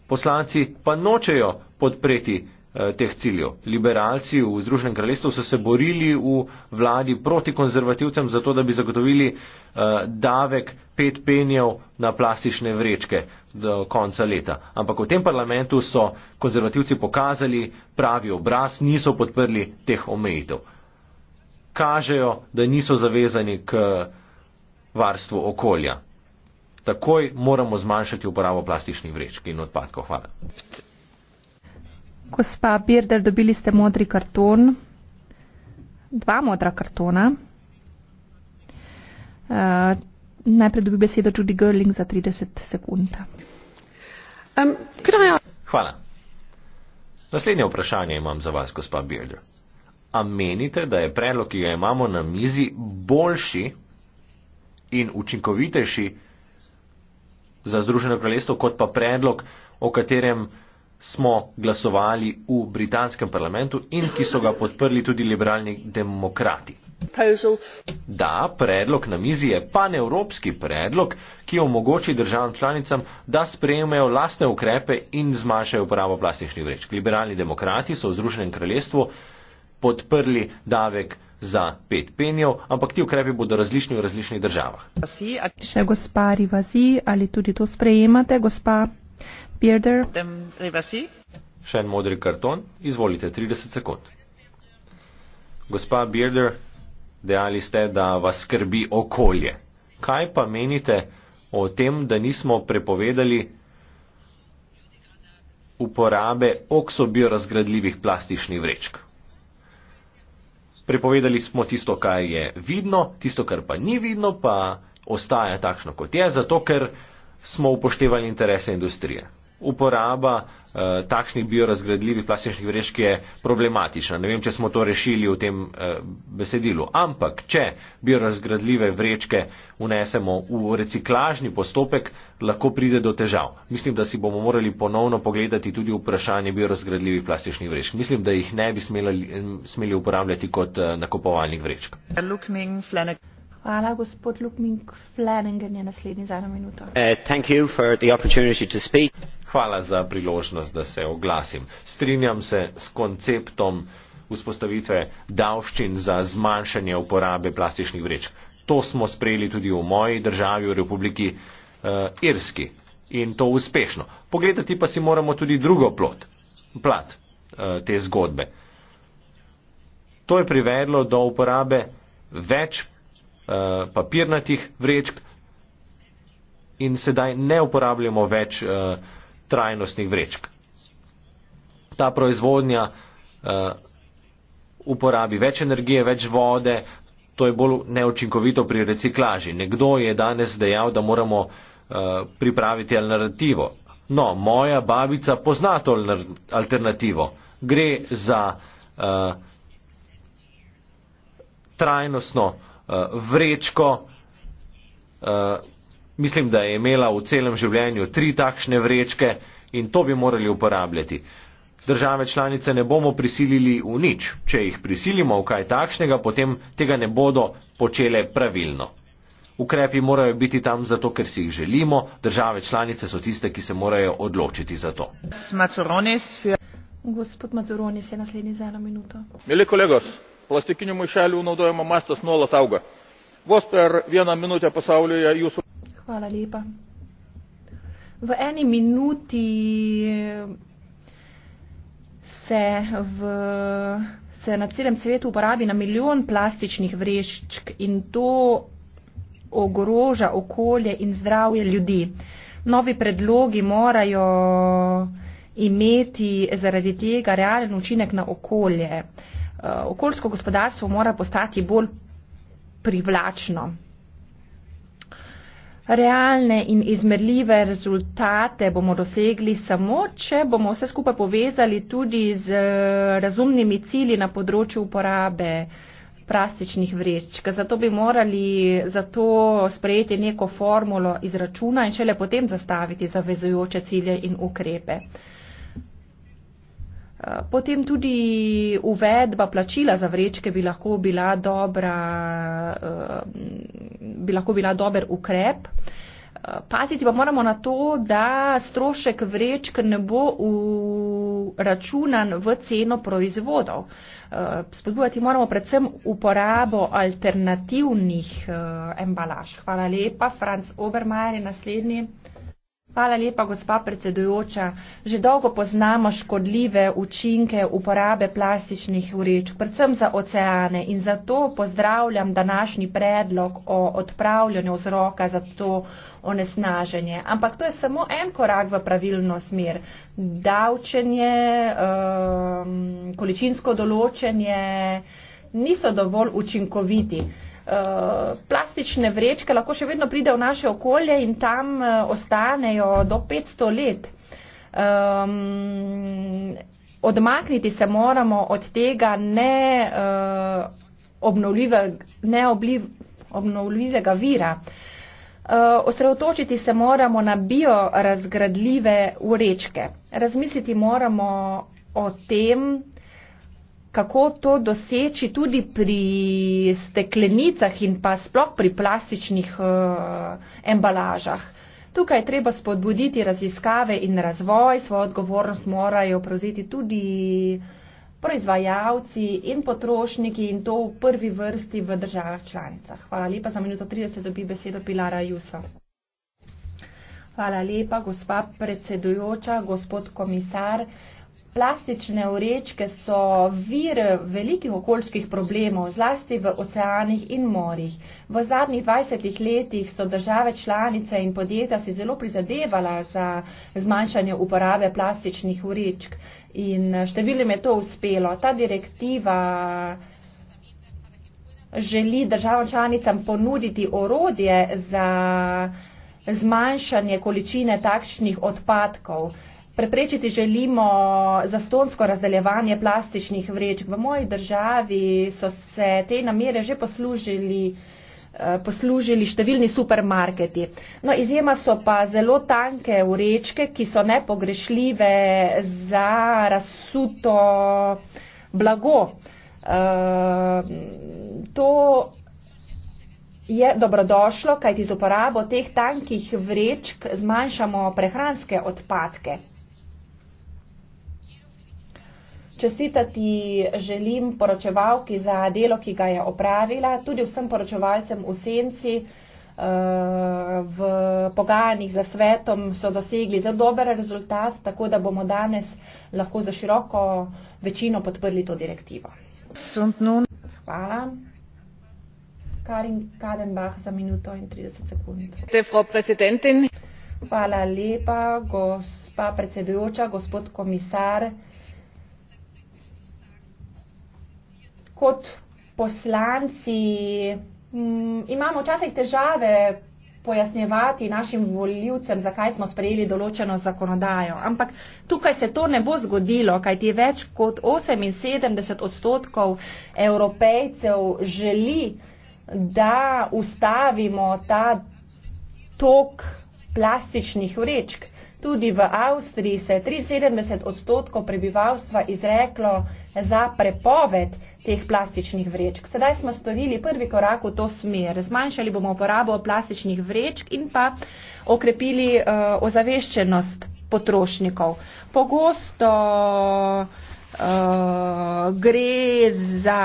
poslanci pa nočejo podpreti eh, teh ciljev. Liberalci v Združenem kraljestvu so se borili v vladi proti konzervativcem, zato da bi zagotovili eh, davek pet penjev na plastične vrečke do konca leta. Ampak v tem parlamentu so konzervativci pokazali pravi obraz, niso podprli teh omejitev. Kažejo, da niso zavezani k varstvu okolja takoj moramo zmanjšati uporabo plastičnih vrečk in odpadkov. Hvala. Gospa Birder, dobili ste modri karton, dva modra kartona. Uh, najprej dobi besedo Judy Girling za 30 sekund. Um, Hvala. Naslednje vprašanje imam za vas, gospa Birder. A menite, da je predlog, ki ga imamo na mizi, boljši in učinkovitejši za Združeno kraljestvo, kot pa predlog, o katerem smo glasovali v britanskem parlamentu in ki so ga podprli tudi liberalni demokrati. Da, predlog na mizi je panevropski predlog, ki omogoči državam članicam, da sprejmejo lastne ukrepe in zmanjšajo uporabo plastičnih vrečk. Liberalni demokrati so v Združenem kraljestvu podprli davek za pet penjev, ampak ti ukrepi bodo različni v različnih državah. Še gospa Rivazi, ali tudi to sprejemate, gospa Bjerder? Še en modri karton, izvolite 30 sekund. Gospa Bjerder, dejali ste, da vas skrbi okolje. Kaj pa menite o tem, da nismo prepovedali uporabe oksobiorazgradljivih plastičnih vrečk? prepovedali smo tisto, kar je vidno, tisto, kar pa ni vidno, pa ostaja takšno, kot je, zato ker smo upoštevali interese industrije uporaba uh, takšnih biorazgradljivih plastičnih vrečk je problematična. Ne vem, če smo to rešili v tem uh, besedilu. Ampak, če biorazgradljive vrečke unesemo v reciklažni postopek, lahko pride do težav. Mislim, da si bomo morali ponovno pogledati tudi vprašanje biorazgradljivih plastičnih vrečk. Mislim, da jih ne bi smeli, smeli uporabljati kot uh, eh, nakupovalnih vrečk. Look, Ming, Eh, Hvala za priložnost, da se oglasim. Strinjam se s konceptom vzpostavitve davščin za zmanjšanje uporabe plastičnih vrečk. To smo sprejeli tudi v moji državi, v Republiki uh, Irski in to uspešno. Pogledati pa si moramo tudi drugo plot, plat uh, te zgodbe. To je privedlo do uporabe več Eh, papirnatih vrečk in sedaj ne uporabljamo več eh, trajnostnih vrečk. Ta proizvodnja eh, uporabi več energije, več vode, to je bolj neučinkovito pri reciklaži. Nekdo je danes dejal, da moramo pripraviti alternativo. No, moja babica pozna to alternativo. Gre za uh, trajnostno uh, Eh, vrečko. Eh, mislim, da je imela v celem življenju tri takšne vrečke in to bi morali uporabljati. Države članice ne bomo prisilili v nič. Če jih prisilimo v kaj takšnega, potem tega ne bodo počele pravilno. Ukrepi morajo biti tam zato, ker si jih želimo. Države članice so tiste, ki se morajo odločiti za to. Gospod Mazuronis je naslednji za eno minuto. Mili kolegos plastikinių maišelių naudojimo mastas nuolat auga. Vos per vieną minutę pasaulyje jūsų. Hvala lepa. V eni minuti se, v, se na celem svetu uporabi na milijon plastičnih vrečk in to ogroža okolje in zdravje ljudi. Novi predlogi morajo imeti zaradi tega realen učinek na okolje. Uh, Eh, okoljsko gospodarstvo mora postati bolj privlačno. Realne in izmerljive rezultate bomo dosegli samo, če bomo vse skupaj povezali tudi z eh, razumnimi cilji na področju uporabe plastičnih vrečk. Zato bi morali za to sprejeti neko formulo izračuna in šele potem zastaviti zavezujoče cilje in ukrepe. Potem tudi uvedba plačila za vrečke bi lahko, bila dobra, eh, bi lahko bila dober ukrep. Eh, paziti pa moramo na to, da strošek vrečk ne bo uračunan v ceno proizvodov. Eh, spodbujati moramo predvsem uporabo alternativnih embalaž. Hvala lepa, Franz Obermajer je naslednji. Hvala lepa, gospa predsedujoča. Že dolgo poznamo škodljive učinke uporabe plastičnih vrečk, predvsem za oceane in zato pozdravljam današnji predlog o odpravljanju vzroka za to onesnaženje. Ampak to je samo en korak v pravilno smer. Davčenje, ehm, količinsko določenje niso dovolj učinkoviti. Eh, plastične vrečke lahko še vedno pride v naše okolje in tam eh, ostanejo do 500 let. Um, odmakniti se moramo od tega ne, uh, obnovljive, ne obliv, obnovljivega vira. Uh, osredotočiti se moramo na biorazgradljive vrečke. Razmisliti moramo o tem, kako to doseči tudi pri steklenicah in pa sploh pri plastičnih uh, embalažah. Tukaj je treba spodbuditi raziskave in razvoj, svojo odgovornost morajo prevzeti tudi proizvajalci in potrošniki in to v prvi vrsti v državah članicah. Hvala lepa za minuto 30, dobi besedo Pilara Jusa. Hvala lepa, gospa predsedujoča, gospod komisar. Plastične vrečke so vir velikih okoljskih problemov, zlasti v oceanih in morjih. V zadnjih 20 letih so države članice in podjetja si zelo prizadevala za zmanjšanje uporabe plastičnih vrečk in številim je to uspelo. Ta direktiva želi državam članicam ponuditi orodje za zmanjšanje količine takšnih odpadkov. Preprečiti želimo zastonsko razdeljevanje plastičnih vrečk. V moji državi so se te namere že poslužili eh, poslužili številni supermarketi. No, izjema so pa zelo tanke vrečke, ki so nepogrešljive za razsuto blago. E, to je dobrodošlo, kajti z uporabo teh tankih vrečk zmanjšamo prehranske odpadke. Čestitati želim poročevalki za delo, ki ga je opravila, tudi vsem poročevalcem v senci eh, v pogajanjih za svetom so dosegli zelo dober rezultat, tako da bomo danes lahko za široko večino podprli to direktivo. Hvala. Karin Kadenbach za minuto in 30 sekund. Hvala lepa, gospa predsedujoča, gospod komisar. kot poslanci m, mm, imamo včasih težave pojasnjevati našim voljivcem, zakaj smo sprejeli določeno zakonodajo. Ampak tukaj se to ne bo zgodilo, kajti več kot 78 odstotkov evropejcev želi, da ustavimo ta tok plastičnih vrečk. Tudi v Avstriji se je 73 odstotkov prebivalstva izreklo za prepoved teh plastičnih vrečk. Sedaj smo storili prvi korak v to smer. Zmanjšali bomo uporabo plastičnih vrečk in pa okrepili uh, ozaveščenost potrošnikov. Pogosto. Eh, gre za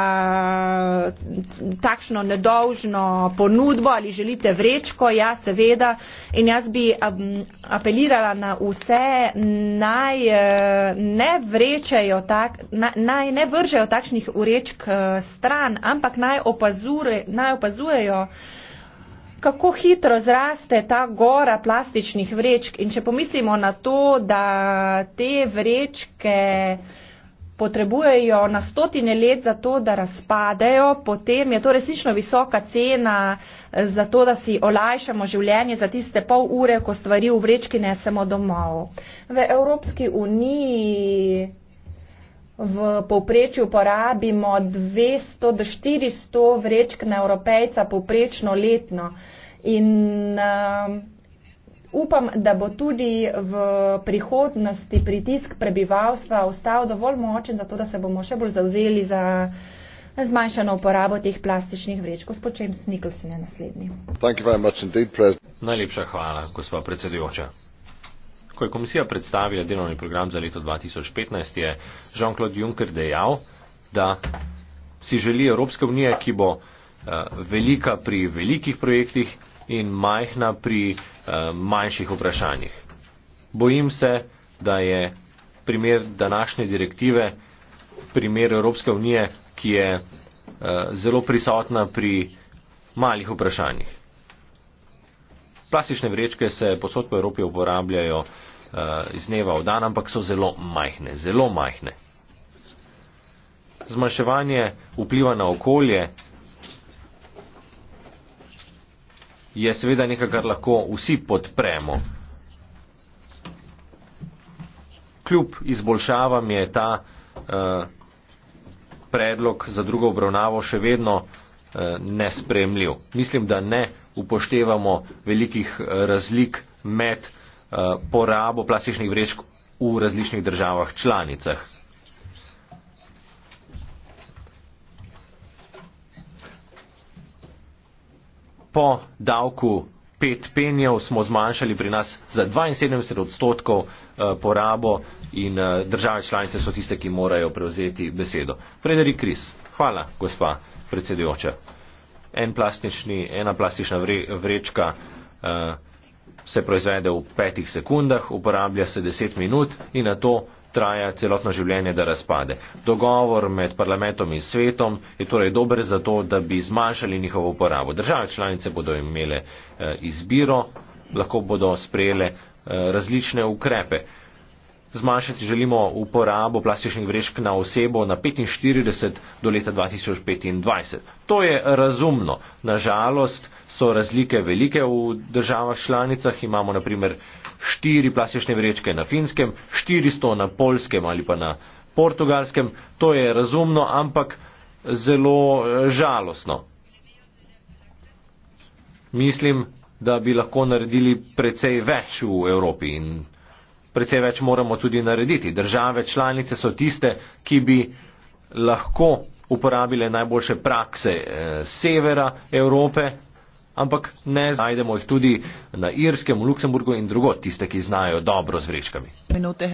takšno nedolžno ponudbo ali želite vrečko, ja seveda. In jaz bi apelirala na vse, naj eh, ne, vrečejo, tak, naj ne vržejo takšnih vrečk eh, stran, ampak naj, opazure, naj opazujejo kako hitro zraste ta gora plastičnih vrečk. In če pomislimo na to, da te vrečke uh, potrebujejo na stotine let za to, da razpadejo, potem je to torej resnično visoka cena eh, za to, da si olajšamo življenje za tiste pol ure, ko stvari v vrečki nesemo domov. V Evropski uniji v povprečju porabimo 200 do 400 vrečk na evropejca povprečno letno. In, uh, upam, da bo tudi v prihodnosti pritisk prebivalstva ostal dovolj močen, zato da se bomo še bolj zauzeli za zmanjšano uporabo teh plastičnih vrečk. Gospod James Nicholson je naslednji. Najlepša hvala, gospod predsedujoča. Ko je komisija predstavila delovni program za leto 2015, je Jean-Claude Juncker dejal, da si želi Evropska unija, ki bo eh, velika pri velikih projektih in majhna pri uh, manjših vprašanjih. Bojim se, da je primer današnje direktive, primer Evropske unije, ki je uh, zelo prisotna pri malih vprašanjih. Plastične vrečke se posod po Evropi uporabljajo uh, iz dneva v dan, ampak so zelo majhne, zelo majhne. Zmanjševanje vpliva na okolje, je seveda nekaj, kar lahko vsi podpremo. Kljub izboljšavam je ta eh, predlog za drugo obravnavo še vedno eh, nespremljiv. Mislim, da ne upoštevamo velikih eh, razlik med eh, porabo plastičnih vrečk v različnih državah članicah. po davku pet penjev smo zmanjšali pri nas za 72 odstotkov eh, porabo in eh, države članice so tiste, ki morajo prevzeti besedo. Frederik Kris, hvala, gospa predsedujoča. En plastični, ena plastična vrečka eh, se proizvede v petih sekundah, uporablja se deset minut in na to traja celotno življenje, da razpade. Dogovor med parlamentom in svetom je torej dober za to, da bi zmanjšali njihovo uporabo. Države članice bodo imele eh, izbiro, lahko bodo sprejele eh, različne ukrepe. Zmanjšati želimo uporabo plastičnih vrečk na osebo na 45 do leta 2025. To je razumno. Nažalost so razlike velike v državah članicah. Imamo naprimer štiri plastične vrečke na finskem, štiristo na polskem ali pa na portugalskem. To je razumno, ampak zelo eh, žalostno. Mislim, da bi lahko naredili precej več v Evropi in precej več moramo tudi narediti. Države članice so tiste, ki bi lahko uporabile najboljše prakse eh, severa Evrope ampak ne najdemo jih tudi na Irskem, v Luksemburgu in drugo, tiste, ki znajo dobro z vrečkami. Minute.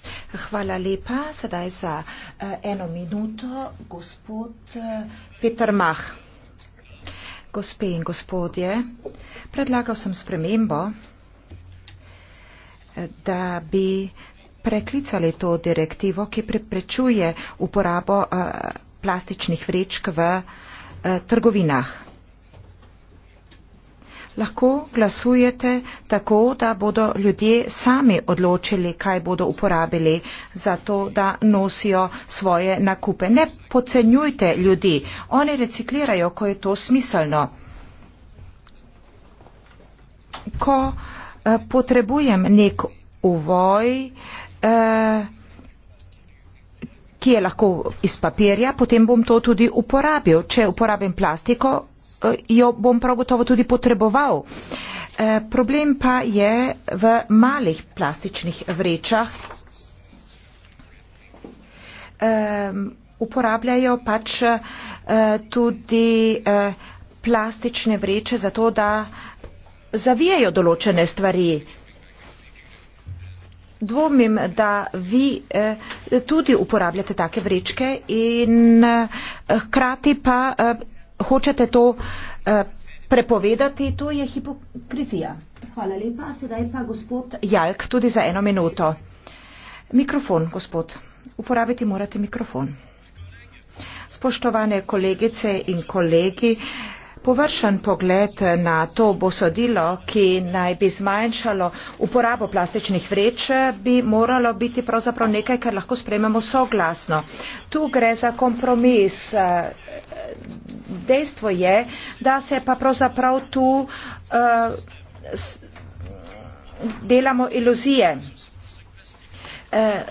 Hvala lepa. Sedaj za eh, eno minuto gospod eh, Peter Mah. Gospe in gospodje, predlagal sem spremembo, eh, da bi preklicali to direktivo, ki preprečuje uporabo plastičnih vrečk v trgovinah lahko glasujete tako, da bodo ljudje sami odločili, kaj bodo uporabili za to, da nosijo svoje nakupe. Ne pocenjujte ljudi, oni reciklirajo, ko je to smiselno. Ko eh, potrebujem nek uvoj, eh, ki je lahko iz papirja, potem bom to tudi uporabil. Če uporabim plastiko, jo bom prav gotovo tudi potreboval. Eh, problem pa je v malih plastičnih vrečah. Uporabljajo pač eh, tudi eh, plastične vreče za to, da zavijajo določene stvari. Dvomim, da vi tudi uporabljate take vrečke in hkrati pa hočete to eh, prepovedati, to je hipokrizija. Hvala lepa. Sedaj pa gospod Jalk, tudi za eno minuto. Mikrofon, gospod. Uporabiti morate mikrofon. Spoštovane kolegice in kolegi, Površen pogled na to bosodilo, ki naj bi zmanjšalo uporabo plastičnih vreč, bi moralo biti pravzaprav nekaj, kar lahko sprememo soglasno. Tu gre za kompromis. Dejstvo je, da se pa pravzaprav tu uh, delamo iluzije. Eh,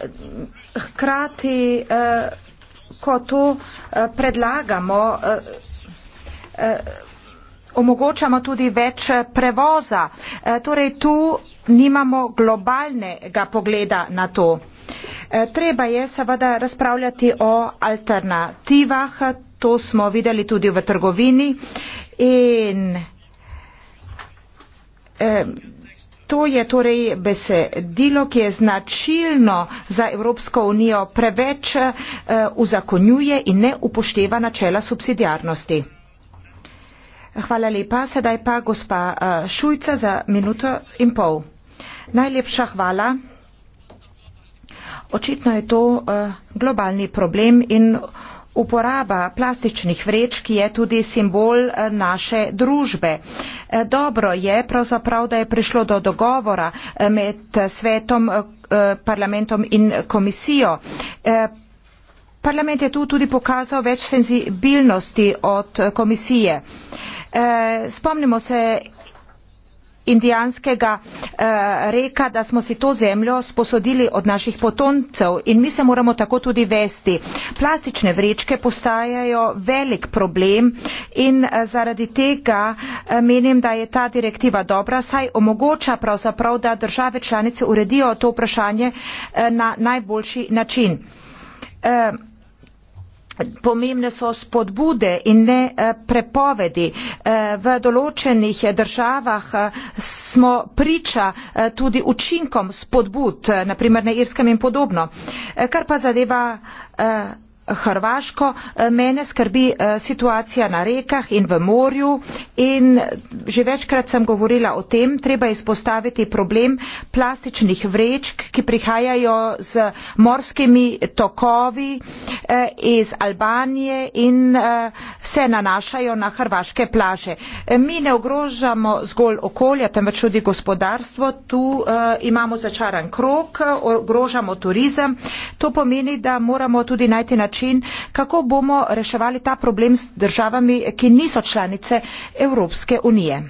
hkrati, uh, uh, ko to uh, predlagamo, uh, Eh, omogočamo tudi več prevoza. Eh, torej tu nimamo globalnega pogleda na to. Eh, treba je seveda razpravljati o alternativah, to smo videli tudi v trgovini in to je torej besedilo, ki je značilno za Evropsko unijo, preveč uzakonjuje in ne upošteva načela subsidijarnosti. Hvala lepa. Sedaj pa gospa eh, Šujca za minuto in pol. Najlepša hvala. Očitno je to eh, globalni problem in uporaba plastičnih vrečk je tudi simbol eh, naše družbe. Dobro je pravzaprav, da je prišlo do dogovora med svetom, parlamentom in komisijo. Parlament je tu tudi pokazal več senzibilnosti od komisije eh, spomnimo se indijanskega eh, reka, da smo si to zemljo sposodili od naših potomcev in mi se moramo tako tudi vesti. Plastične vrečke postajajo velik problem in eh, zaradi tega eh, menim, da je ta direktiva dobra, saj omogoča pravzaprav, da države članice uredijo to vprašanje eh, na najboljši način. Eh, pomembne so spodbude in ne eh, prepovedi. Eh, v določenih državah eh, smo priča tudi učinkom spodbud, naprimer na irskem in podobno. Kar pa zadeva Hrvaško. E, mene skrbi e, situacija na rekah in v morju in že večkrat sem govorila o tem, treba izpostaviti problem plastičnih vrečk, ki prihajajo z morskimi tokovi e, iz Albanije in se nanašajo na hrvaške plaže. Mi ne ogrožamo zgolj okolja, temveč tudi gospodarstvo. Tu imamo začaran krok, ogrožamo turizem. To pomeni, da moramo tudi najti način, način, kako bomo reševali ta problem s državami, ki niso članice Evropske unije.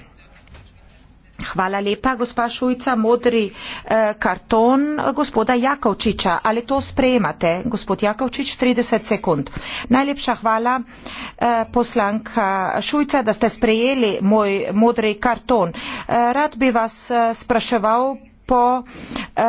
Hvala lepa, gospa Šujca. Modri eh, karton eh, gospoda Jakovčiča. Ali to sprejemate, gospod Jakovčič? 30 sekund. Najlepša hvala eh, poslanka Šujca, da ste sprejeli moj modri karton. Eh, rad bi vas eh, spraševal po uh,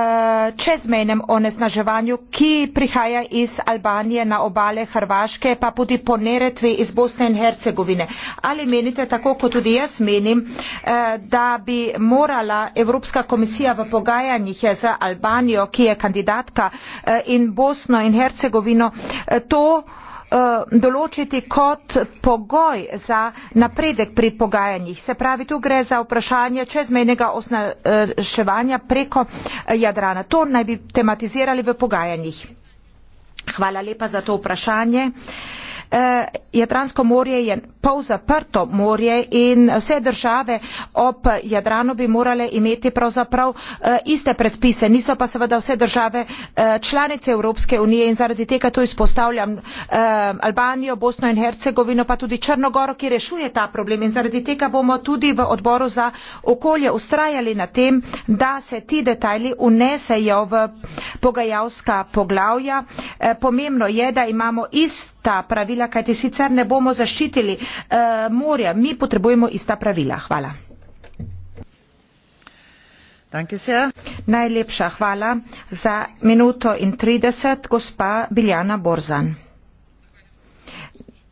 čezmejnem onesnaževanju, ki prihaja iz Albanije na obale Hrvaške, pa tudi po neretvi iz Bosne in Hercegovine. Ali menite, tako kot tudi jaz menim, uh, da bi morala Evropska komisija v pogajanjih z Albanijo, ki je kandidatka, uh, in Bosno in Hercegovino uh, to Eh, določiti kot pogoj za napredek pri pogajanjih. Se pravi, tu gre za vprašanje čezmejnega osnaževanja preko eh, Jadrana. To naj bi tematizirali v pogajanjih. Hvala lepa za to vprašanje. Uh, Eh, Jadransko morje je pol zaprto morje in vse države ob Jadranu bi morale imeti pravzaprav eh, iste predpise, niso pa seveda vse države eh, članice Evropske unije in zaradi tega tu izpostavljam Albanijo, Bosno in Hercegovino pa tudi Črnogoro, ki rešuje ta problem in zaradi tega bomo tudi v odboru za okolje ustrajali na tem, da se ti detajli unesejo v pogajalska poglavja. Pomembno je, da imamo isto ta pravila, kajti sicer ne bomo zaščitili uh, morja. Mi potrebujemo ista pravila. Hvala. Najlepša hvala za minuto in 30, gospa Biljana Borzan.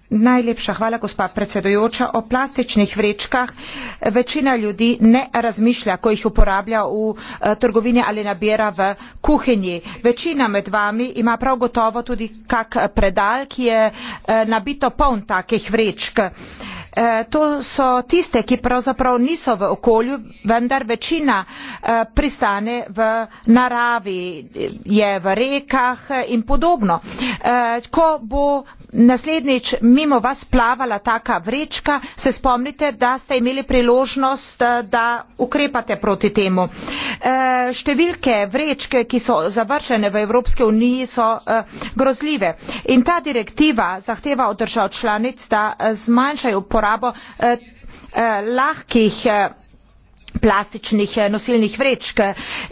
Najlepša hvala, gospa predsedujoča. O plastičnih vrečkah večina ljudi ne razmišlja, ko jih uporablja v eh, trgovini ali nabira v kuhinji. Večina med vami ima prav gotovo tudi kak eh, predal, ki je eh, nabito poln takih vrečk. To so tiste, ki pravzaprav niso v okolju, vendar večina pristane v naravi, je v rekah in podobno. Ko bo naslednjič mimo vas plavala taka vrečka se spomnite da ste imeli priložnost eh, da ukrepate proti temu eh, številke vrečke ki so zavržene v evropski uniji so eh, grozljive in ta direktiva zahteva od držav članic da zmanjšajo uporabo lahkih plastičnih eh, nosilnih vrečk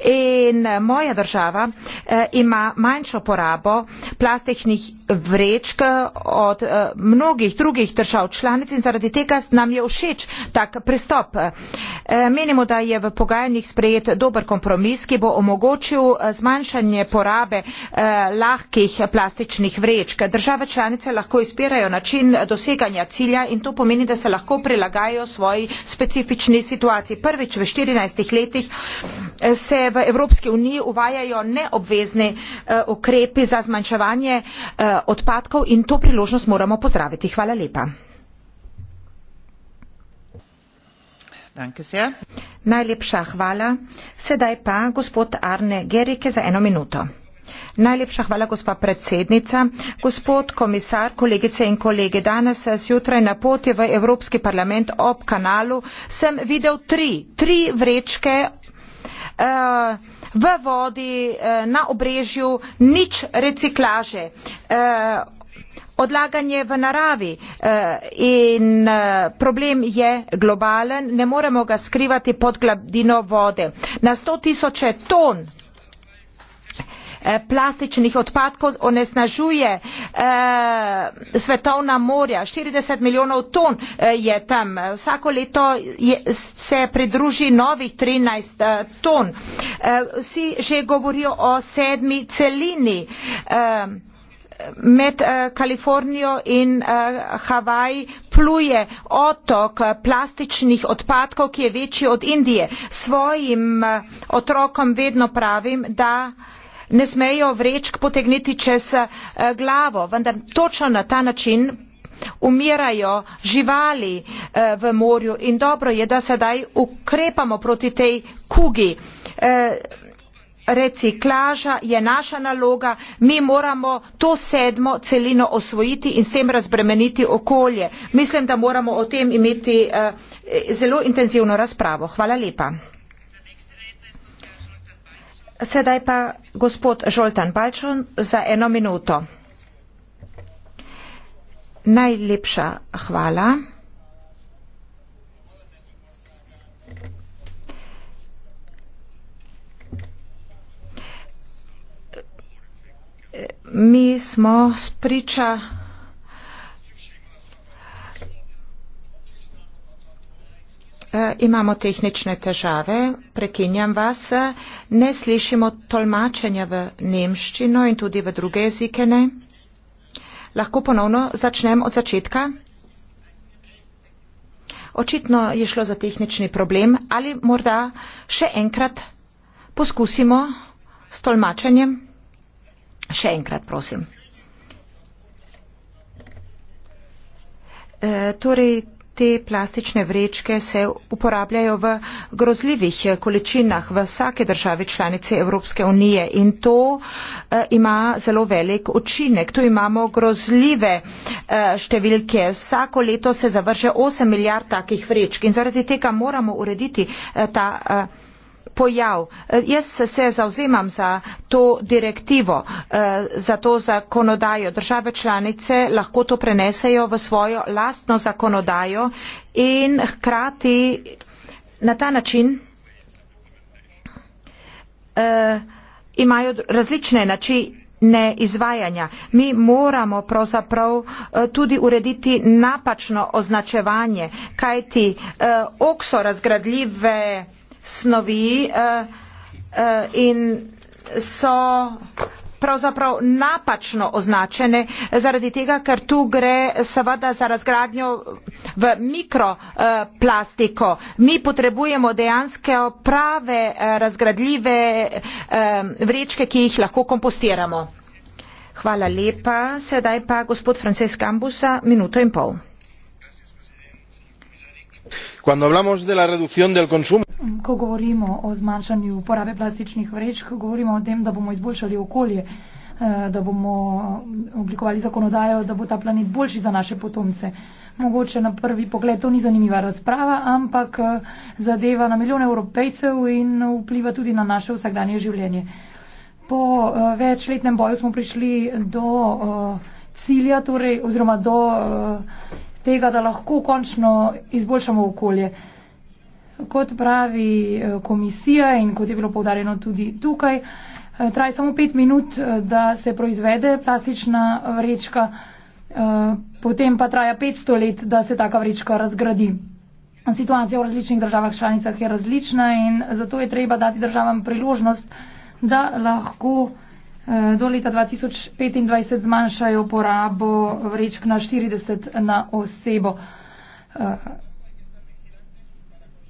in eh, moja država eh, ima manjšo porabo plastičnih vrečk od mnogih drugih držav članic in zaradi tega nam je všeč tak pristop. Menimo, da je v pogajanjih sprejet dober kompromis, ki bo omogočil zmanjšanje porabe lahkih plastičnih vrečk. Države članice lahko izpirajo način doseganja cilja in to pomeni, da se lahko prilagajajo svoji specifični situaciji. Prvi prvič v štirinajstih letih eh, se v evropski uniji uvajajo neobvezni eh, ukrepi za zmanjševanje eh, odpadkov in to priložnost moramo pozdraviti. Hvala lepa. Najlepša hvala. Sedaj pa gospod Arne Gerike za eno minuto. Najlepša hvala, gospa predsednica. Gospod komisar, kolegice in kolege, danes zjutraj na poti v Evropski parlament ob kanalu sem videl tri, tri vrečke uh, v vodi uh, na obrežju, nič reciklaže. Uh, Odlaganje v naravi eh, in eh, problem je globalen, ne moremo ga skrivati pod gladino vode. Na sto tisoče ton Eh, plastičnih odpadkov onesnažuje eh, svetovna morja. štirideset milijonov ton eh, je tam. vsako leto je, se pridruži novih trinajst ton. vsi že govorijo o sedmi celini med Kalifornijo in Havaj pluje otok plastičnih odpadkov, ki je večji od Indije. Svojim otrokom vedno pravim, da ne smejo vrečk potegniti čez eh, glavo, vendar točno na ta način umirajo živali eh, v morju in dobro je, da sedaj ukrepamo proti tej kugi. Eh, reciklaža je naša naloga, mi moramo to sedmo celino osvojiti in s tem razbremeniti okolje. Mislim, da moramo o tem imeti zelo intenzivno razpravo. Hvala lepa. Sedaj pa gospod Žoltan Balčun za eno minuto. Najlepša hvala. Mi smo spriča Eh, imamo tehnične težave, prekinjam vas. Ne slišimo tolmačenja v nemščino in tudi v druge jezike ne. Lahko ponovno začnem od začetka. Očitno je šlo za tehnični problem ali morda še enkrat poskusimo s tolmačenjem. Še enkrat, prosim. E, torej, te plastične vrečke se uporabljajo v grozljivih količinah v vsake državi članice Evropske unije in to eh, ima zelo velik učinek. Tu imamo grozljive eh, številke. Vsako leto se zavrže 8 milijard takih vrečk in zaradi tega moramo urediti eh, ta pojav e, jaz se zavzemam za to direktivo e, za to zakonodajo države članice lahko to prenesejo v svojo lastno zakonodajo in hkrati na ta način uh, imajo različne načine izvajanja mi moramo pravzaprav tudi urediti napačno označevanje kajti uh, okso razgradljive snovi uh, uh, in so pravzaprav napačno označene zaradi tega, ker tu gre seveda za razgradnjo v mikroplastiko. Eh, uh, Mi potrebujemo dejansko prave uh, razgradljive uh, vrečke, ki jih lahko kompostiramo. Hvala lepa. Sedaj pa gospod Frances Gambusa, minuto in pol. Ko govorimo o zmanjšanju uporabe plastičnih vrečk, govorimo o tem, da bomo izboljšali okolje, eh, da bomo oblikovali zakonodajo, da bo ta planet boljši za naše potomce. Mogoče na prvi pogled to ni zanimiva razprava, ampak eh, zadeva na milijone evropejcev in vpliva tudi na naše vsakdanje življenje. Po eh, večletnem boju smo prišli do cilja, torej, oziroma do tega, da lahko končno izboljšamo okolje. Kot pravi eh, komisija in kot je bilo povdarjeno tudi tukaj, eh, traja samo pet minut, eh, da se proizvede plastična vrečka, potem pa traja 500 let, da se taka vrečka razgradi. Situacija v različnih državah članicah je različna in zato je treba dati državam priložnost, da lahko do leta 2025 zmanjšajo porabo vrečk na 40 na osebo.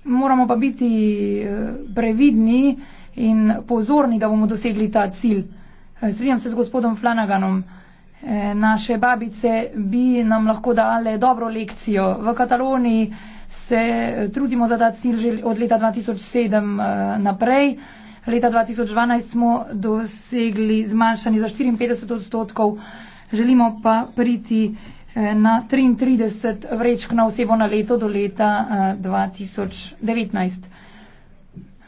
Moramo pa biti eh, previdni in pozorni, da bomo dosegli ta cilj. Eh, Sredjam se z gospodom Flanaganom. Eh, naše babice bi nam lahko dale dobro lekcijo. V Kataloniji se trudimo za ta cilj že od leta 2007 naprej. Leta 2012 smo dosegli zmanjšanje za 54 odstotkov, želimo pa priti Eh, na 33 vrečk na osebo na leto do leta 2019. Eh,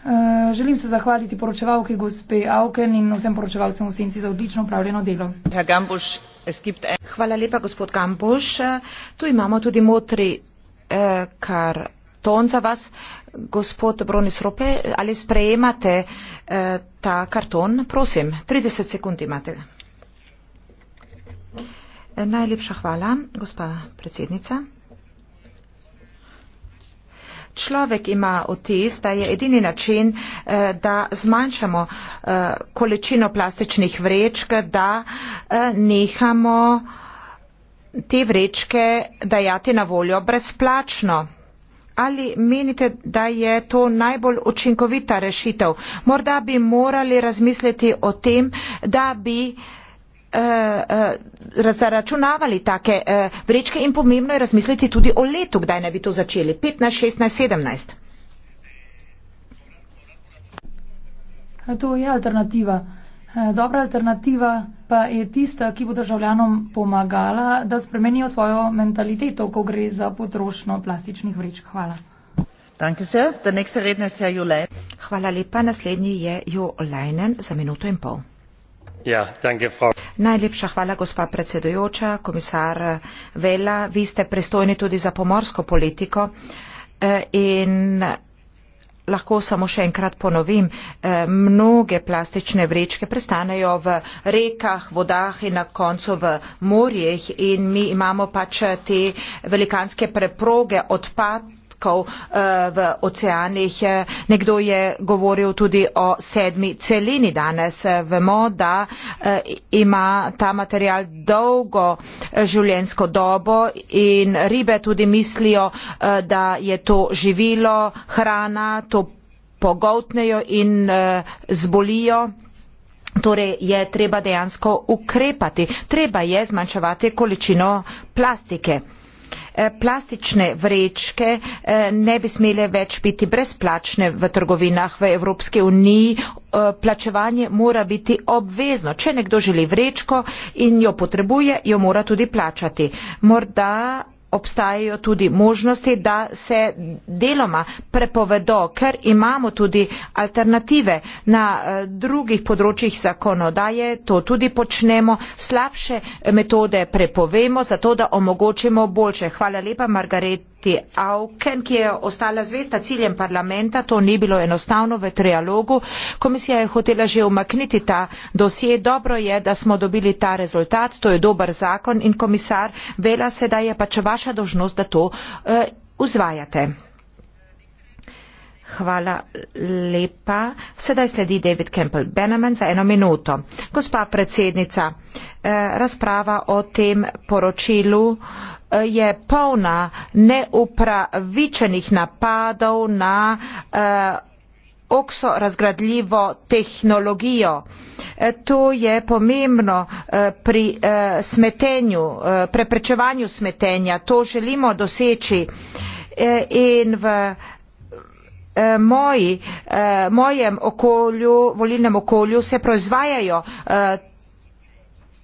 eh, želim se zahvaliti poročevalki gospe Auken in vsem poročevalcem v senci za odlično upravljeno delo. Hvala lepa, gospod Gambuš. Tu imamo tudi motri kar ton za vas. Gospod Bronis Rope, ali sprejemate ta karton? Prosim, 30 sekund imate. Najlepša hvala, gospa predsednica. Človek ima vtis, da je edini način, eh, da zmanjšamo eh, količino plastičnih vrečk, da eh, nehamo te vrečke dajati na voljo brezplačno. Ali menite, da je to najbolj učinkovita rešitev? Morda bi morali razmisliti o tem, da bi eh, Eh, eh, zaračunavali take eh, vrečke in pomembno je razmisliti tudi o letu, kdaj ne bi to začeli. 15, 16, 17. To je alternativa. Dobra alternativa pa je tista, ki bo državljanom pomagala, da spremenijo svojo mentaliteto, ko gre za potrošno plastičnih vrečk. Hvala. Hvala lepa. Naslednji je Jo Leinen za minuto in pol. Ja, Najlepša hvala, gospa predsedujoča, komisar Vela. Vi ste pristojni tudi za pomorsko politiko eh, in lahko samo še enkrat ponovim, eh, mnoge plastične vrečke prestanejo v rekah, vodah in na koncu v morjih in mi imamo pač te velikanske preproge odpad, odpadkov eh, v oceanih. Eh, nekdo je govoril tudi o sedmi celini danes. Eh, vemo, da ima ta material dolgo življenjsko dobo in ribe tudi mislijo, da je to živilo, hrana, to pogotnejo in zbolijo. Torej je treba dejansko ukrepati. Treba je zmanjševati količino plastike. Eh, plastične vrečke eh, ne bi smele več biti brezplačne v trgovinah v Evropski uniji. Eh, plačevanje mora biti obvezno. Če nekdo želi vrečko in jo potrebuje, jo mora tudi plačati. Morda obstajajo tudi možnosti da se deloma prepovedo ker imamo tudi alternative na eh, drugih področjih zakonodaje to tudi počnemo slabše metode prepovemo zato da omogočimo boljše skupnosti. Avken, ki je ostala zvesta ciljem parlamenta, to ni bilo enostavno v trialogu. Komisija je hotela že umakniti ta dosje. Dobro je, da smo dobili ta rezultat, to je dober zakon in komisar vela se, da je pač vaša dožnost, da to vzvajate. Eh, uh, Hvala lepa. Sedaj sledi David Campbell Benjamin za eno minuto. Gospa predsednica, eh, razprava o tem poročilu je polna neupravičenih napadov na eh, okso razgradljivo tehnologijo. Eh, to je pomembno eh, pri smetenju, preprečevanju smetenja. To želimo doseči in v moji, mojem okolju, volilnem okolju se proizvajajo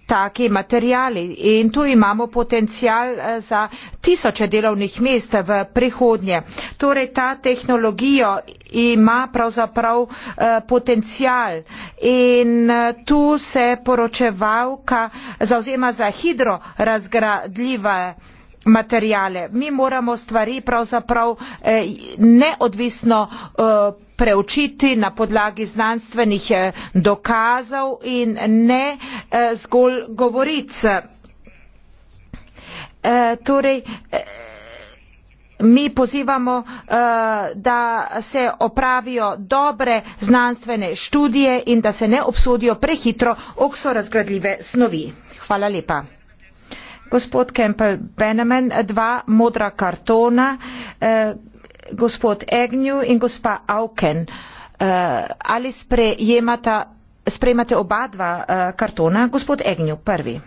taki materiali in tu imamo potencial eh, za tisoče delovnih mest v prihodnje. Torej ta tehnologijo ima pravzaprav eh, potencial in eh, tu se poročevalka zauzema za hidrorazgradljive materiale. mi moramo stvari pravzaprav eh, neodvisno eh, preučiti na podlagi znanstvenih eh, dokazov in ne zgolj govoric. torej mi pozivamo da se opravijo dobre znanstvene študije in da se ne obsodijo prehitro oksorazgradljive snovi. hvala lepa gospod Kempel Benemen, dva modra kartona, eh, gospod Egnju in gospa Auken. Eh, ali sprejemate oba dva eh, kartona? Gospod Egnju, prvi.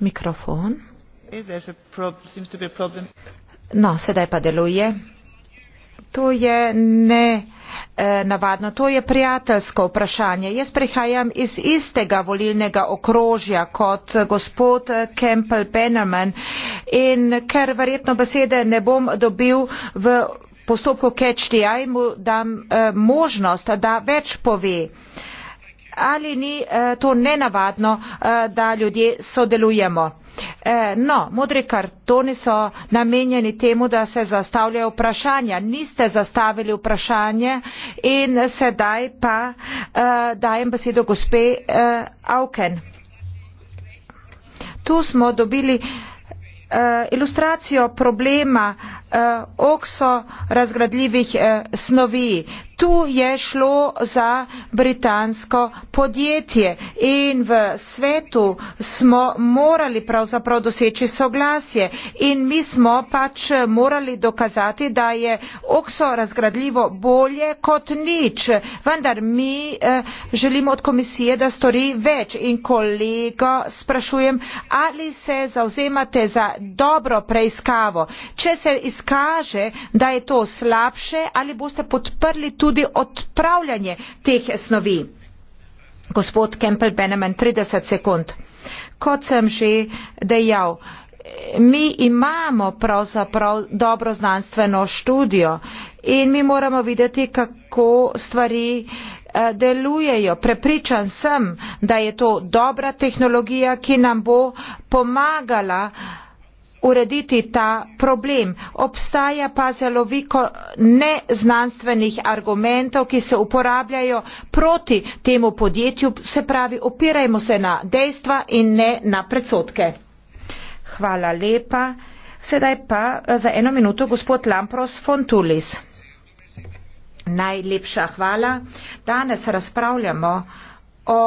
Mikrofon. No, sedaj pa deluje. To je ne. Uh, Eh, navadno. To je prijateljsko vprašanje. Jaz prihajam iz istega volilnega okrožja kot gospod Campbell Benjamin in ker verjetno besede ne bom dobil v postopku KHDI, mu dam eh, možnost, da več pove ali ni eh, to nenavadno, eh, da ljudje sodelujemo. Eh, no, modri kartoni so namenjeni temu, da se zastavljajo vprašanja. Niste zastavili vprašanje in sedaj pa dajem besedo gospe Auken. Tu smo dobili ilustracijo problema eh, oksorazgradljivih eh, snovi. Tu je šlo za britansko podjetje in v svetu smo morali pravzaprav doseči soglasje in mi smo pač morali dokazati, da je okso razgradljivo bolje kot nič. Vendar mi eh, želimo od komisije, da stori več in kolego sprašujem, ali se zauzemate za dobro preiskavo. Če se iz izkaže da je to slabše ali boste podprli tudi odpravljanje teh snovi gospod Kempel Beneman 30 sekund kot sem že dejal mi imamo pravzaprav dobro znanstveno študijo in mi moramo videti kako stvari eh, delujejo. Prepričan sem, da je to dobra tehnologija, ki nam bo pomagala uh, urediti ta problem. Obstaja pa zelo veliko neznanstvenih argumentov, ki se uporabljajo proti temu podjetju, se pravi, opirajmo se na dejstva in ne na predsotke. Hvala lepa. Sedaj pa eh, za eno minuto gospod Lampros Fontulis. Najlepša hvala. Danes razpravljamo o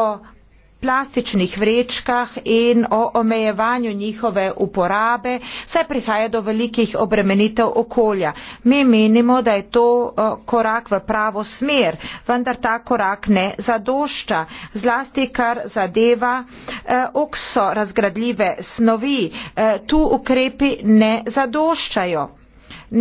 plastičnih vrečkah in o omejevanju njihove uporabe, saj prihaja do velikih obremenitev okolja. Mi menimo, da je to eh, korak v pravo smer, vendar ta korak ne zadošča. Zlasti, kar zadeva eh, okso razgradljive snovi, eh, tu ukrepi ne zadoščajo.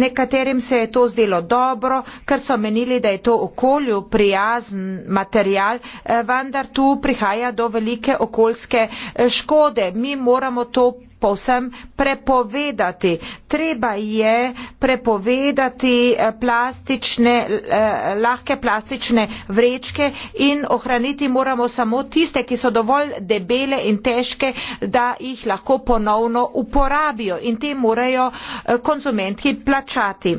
Nekaterim se je to zdelo dobro, ker so menili, da je to okolju prijazen material, eh, vendar tu prihaja do velike okoljske eh, škode. Mi moramo to povsem prepovedati. Treba je prepovedati eh, plastične, eh, lahke plastične vrečke in ohraniti moramo samo tiste, ki so dovolj debele in težke, da jih lahko ponovno uporabijo in te morajo eh, konzumentki plačati.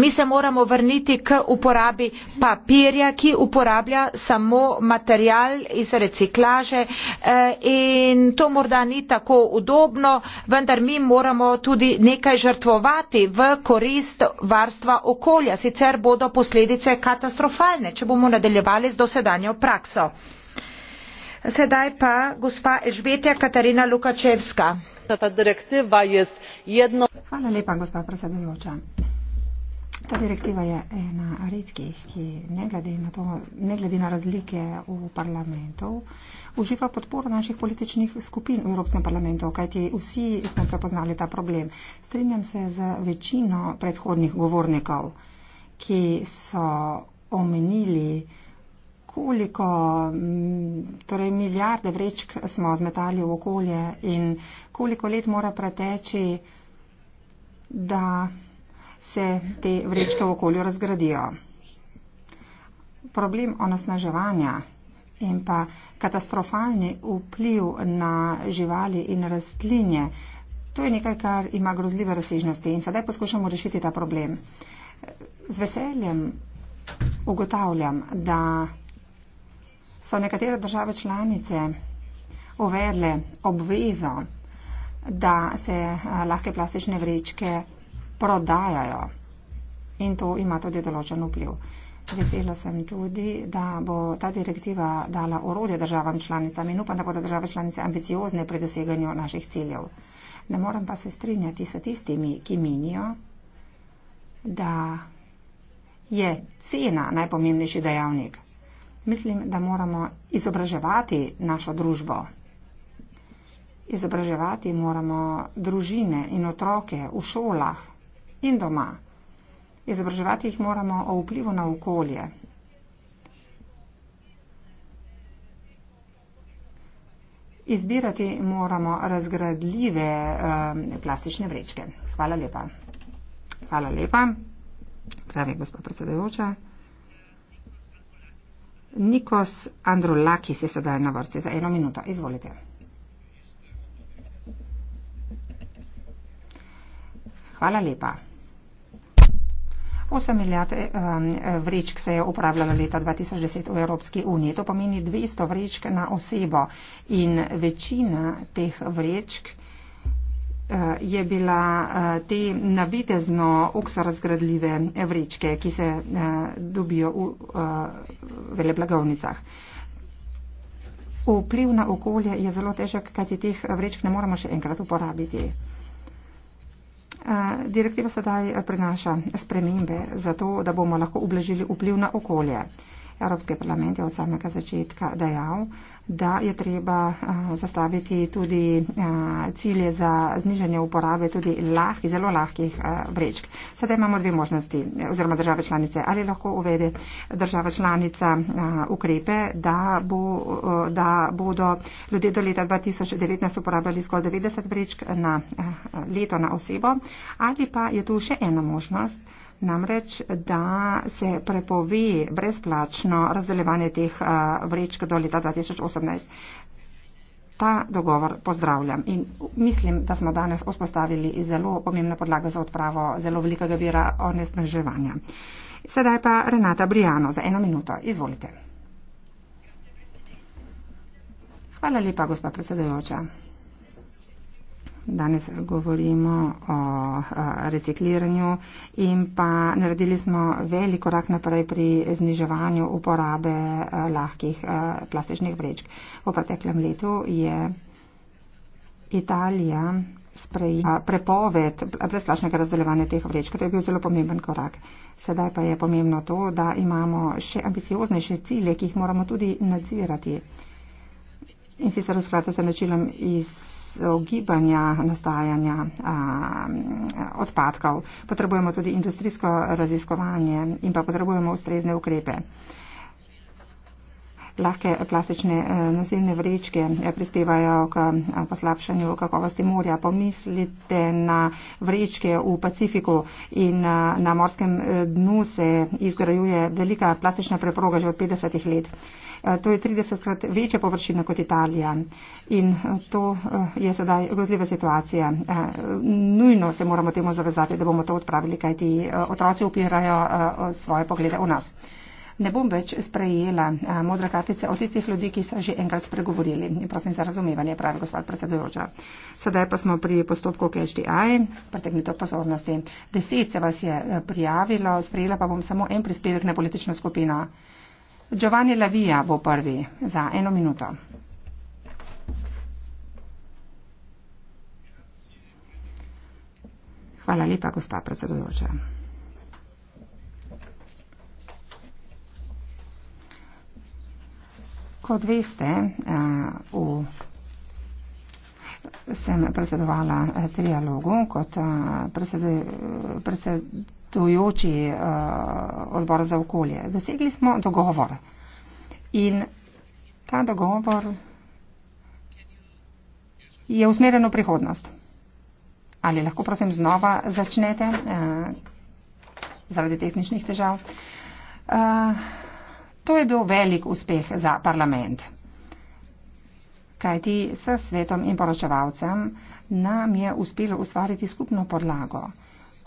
Mi se moramo vrniti k uporabi papirja, ki uporablja samo material iz reciklaže eh, in to morda ni tako udobno, vendar mi moramo tudi nekaj žrtvovati v korist varstva okolja, sicer bodo posledice katastrofalne, če bomo nadaljevali z dosedanjo prakso. Sedaj pa gospa Elžbetja Katarina Lukačevska. Hvala lepa, gospa predsedujoča. Ta direktiva je ena redkih, ki ne glede na, to, ne glede na razlike v parlamentu, uživa podporo naših političnih skupin v Evropskem parlamentu, kajti vsi smo prepoznali ta problem. Strinjam se z večino predhodnih govornikov, ki so omenili, koliko mm, torej milijarde vrečk smo zmetali v okolje in koliko let mora preteči, da se te vrečke v okolju razgradijo. Problem onesnaževanja in pa katastrofalni vpliv na živali in rastlinje, to je nekaj, kar ima grozljive razsežnosti in sedaj poskušamo rešiti ta problem. Z veseljem ugotavljam, da so nekatere države članice uvedle obvezo, da se lahke plastične vrečke prodajajo. In to ima tudi določen vpliv. Vesela sem tudi, da bo ta direktiva dala orodje državam članicam in upam, da bodo države članice ambiciozne pri doseganju naših ciljev. Ne moram pa se strinjati s tistimi, ki menijo, da je cena najpomembnejši dejavnik. Mislim, da moramo izobraževati našo družbo. Izobraževati moramo družine in otroke v šolah, in doma. Izobraževati jih moramo o vplivu na okolje. Izbirati moramo razgradljive eh, plastične vrečke. Hvala lepa. Hvala lepa, pravi gospod predsedujoča. Nikos Andrulakis je sedaj na vrsti za eno minuto. Izvolite. Hvala lepa. 8 milijard eh, vrečk se je upravljalo leta 2010 v Evropski uniji. To pomeni 200 vrečk na osebo in večina teh vrečk eh, je bila eh, te navitezno uksorazgradljive vrečke, ki se dobijo v veleblagovnicah. Vpliv na okolje je zelo težek, kajti teh vrečk ne moramo še enkrat uporabiti. Eh, direktiva sedaj eh, prinaša spremembe za to, da bomo lahko ublažili vpliv na okolje. Evropski parlament je od samega začetka dejal, da je treba uh, zastaviti tudi uh, cilje za znižanje uporabe tudi lahkih, zelo lahkih uh, vrečk. Sedaj imamo dve možnosti oziroma države članice. Ali lahko uvede država članica uh, ukrepe, da, bo, uh, da bodo ljudje do leta 2019 uporabljali skoraj 90 vrečk na uh, leto na osebo, ali pa je tu še ena možnost. Namreč, da se prepovi brezplačno razdeljevanje teh vrečk do leta 2018. Ta dogovor pozdravljam in mislim, da smo danes vzpostavili zelo pomembno podlago za odpravo zelo velikega vira onesnaževanja. Sedaj pa Renata Briano za eno minuto. Izvolite. Hvala lepa, gospa predsedujoča danes govorimo o recikliranju in pa naredili smo velik korak naprej pri zniževanju uporabe lahkih plastičnih vrečk. V preteklem letu je Italija sprejela prepoved brezplačnega razdeljevanja teh vrečk. To je bil zelo pomemben korak. Sedaj pa je pomembno to, da imamo še ambicioznejše cilje, ki jih moramo tudi nadzirati. In sicer v skladu z načelom iz ogibanja nastajanja a, odpadkov. Potrebujemo tudi industrijsko raziskovanje in pa potrebujemo ustrezne ukrepe. Lahke plastične e, nosilne vrečke e, prispevajo k poslabšanju kakovosti morja. Pomislite na vrečke v Pacifiku in na morskem e, dnu se izgrajuje velika plastična preproga že od 50 let. Eh, to je 30-krat večja površina kot Italija in eh, to eh, je sedaj grozljiva situacija. Nujno se moramo temu zavezati, da bomo to odpravili, kajti otroci upirajo svoje poglede v nas. Ne bom več sprejela modre kartice od tistih ljudi, ki so že enkrat spregovorili. Prosim za razumevanje, pravi gospod predsedujoča. Sedaj pa smo pri postopku KHDI, pretegnite pozornosti. Deset se vas je prijavilo, sprejela pa bom samo en prispevek na politično skupino. Giovanni Lavia bo prvi za eno minuto. Hvala lepa, gospa predsedujoča. Kot veste, eh, v, sem predsedovala trialogu kot eh, predsedujoča. Eh, Predsed, gostujoči uh, eh, odbor za okolje. Dosegli smo dogovor. In ta dogovor je usmerjen v prihodnost. Ali lahko prosim znova začnete uh, zaradi tehničnih težav? Uh, to je bil velik uspeh za parlament. Kajti s svetom in poročevalcem nam je uspelo ustvariti skupno podlago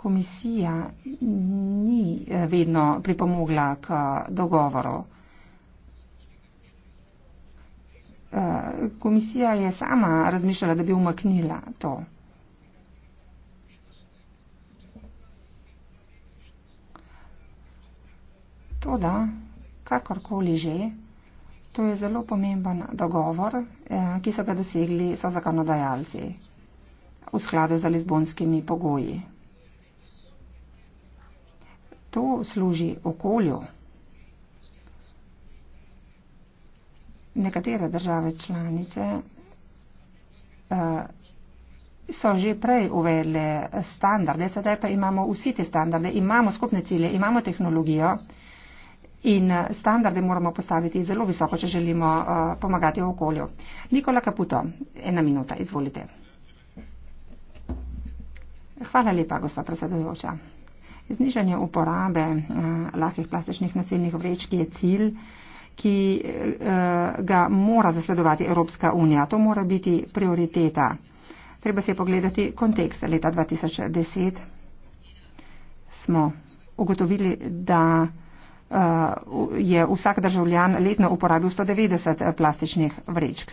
komisija ni eh, vedno pripomogla k dogovoru. Eh, komisija je sama razmišljala, da bi umaknila to. To da, kakorkoli že, to je zelo pomemben dogovor, eh, ki so ga dosegli so zakonodajalci v skladu z lizbonskimi pogoji. To služi okolju. Nekatere države članice eh, so že prej uvedle standarde, sedaj pa imamo vsi te standarde, imamo skupne cilje, imamo tehnologijo in eh, standarde moramo postaviti zelo visoko, če želimo eh, pomagati v okolju. Nikola Kaputo, ena minuta, izvolite. Hvala lepa, gospa predsedujoča. Znižanje uporabe uh, lahkih plastičnih nosilnih vrečk je cilj, ki uh, ga mora zasledovati Evropska unija. To mora biti prioriteta. Treba se pogledati kontekst. Leta 2010 smo ugotovili, da uh, je vsak državljan letno uporabil 190 plastičnih vrečk.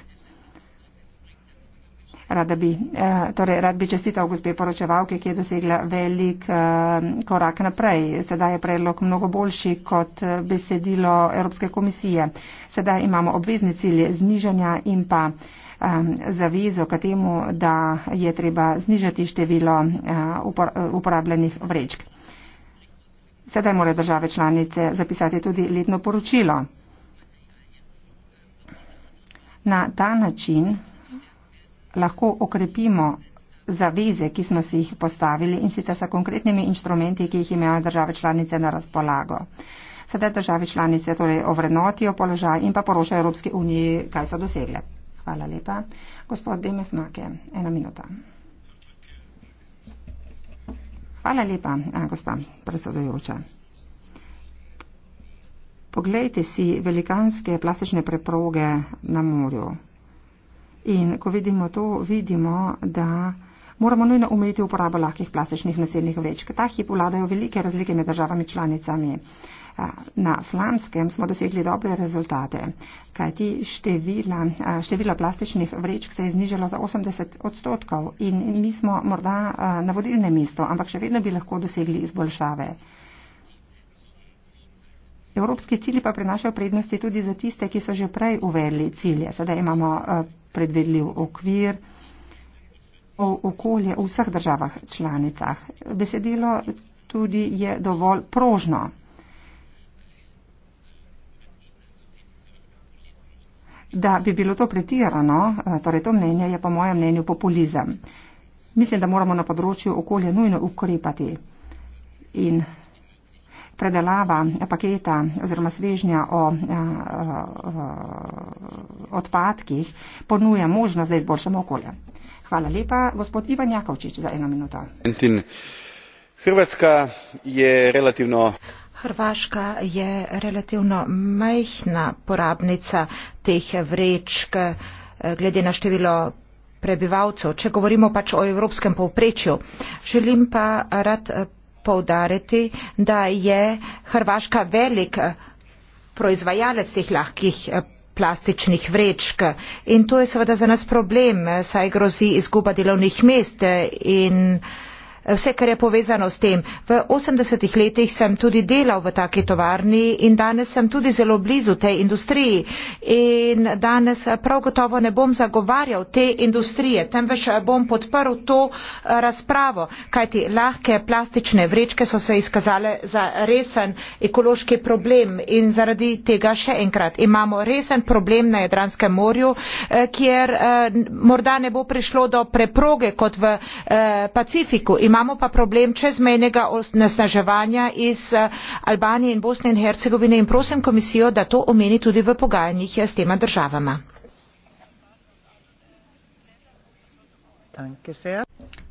Rada bi, eh, torej, rad bi čestital gospe poročevalke, ki je dosegla velik eh, korak naprej. Sedaj je predlog mnogo boljši kot eh, besedilo Evropske komisije. Sedaj imamo obvezni cilj znižanja in pa zavezo k temu, da je treba znižati število uporabljenih vrečk. Sedaj morajo države članice zapisati tudi letno poročilo. Na ta način lahko okrepimo zaveze, ki smo si jih postavili in sicer sa konkretnimi instrumenti, ki jih imajo države članice na razpolago. Sedaj države članice torej ovrednotijo položaj in pa poročajo Evropske unije, kaj so dosegle. Hvala lepa. Gospod Demes Make, ena minuta. Hvala lepa, gospa predsedujoča. Poglejte si velikanske plastične preproge na morju. In ko vidimo to, vidimo, da moramo nujno umeti uporabo lahkih plastičnih nosilnih vrečk. Ta hip vladajo velike razlike med državami članicami. Na Flamskem smo dosegli dobre rezultate, kajti števila, število plastičnih vrečk se je znižalo za 80 odstotkov in mi smo morda na vodilnem mestu, ampak še vedno bi lahko dosegli izboljšave. Evropski cilji pa prenašajo prednosti tudi za tiste, ki so že prej uvedli cilje. Sedaj imamo eh, predvedljiv okvir o okolje v vseh državah članicah. Besedilo tudi je dovolj prožno. Da bi bilo to pretirano, eh, torej to mnenje je po mojem mnenju populizem. Mislim, da moramo na področju okolja nujno ukrepati in predelava paketa oziroma svežnja o, a, a, o odpadkih ponuja možnost, da izboljšamo okolje. Hvala lepa, gospod Ivan Jakovčič, za eno minuto. Hrvatska je relativno. Hrvaška je relativno majhna porabnica teh vrečk e, glede na število prebivalcev, če govorimo pač o evropskem povprečju. Želim pa rad poudariti, da je Hrvaška velik eh, proizvajalec teh lahkih eh, plastičnih vrečk. In to je seveda za nas problem, eh, saj grozi izguba delovnih mest in vse, kar je povezano s tem. V 80-ih letih sem tudi delal v taki tovarni in danes sem tudi zelo blizu tej industriji. In danes eh, prav gotovo ne bom zagovarjal te industrije, temveč eh, bom podprl to eh, razpravo, kajti lahke plastične vrečke so se izkazale za resen ekološki problem in zaradi tega še enkrat imamo resen problem na Jadranskem morju, kjer morda ne bo prišlo do preproge kot v Pacifiku. Imamo imamo pa problem čezmejnega osnaževanja iz eh, Albanije in Bosne in Hercegovine in prosim komisijo, da to omeni tudi v pogajanjih eh, s tema državama.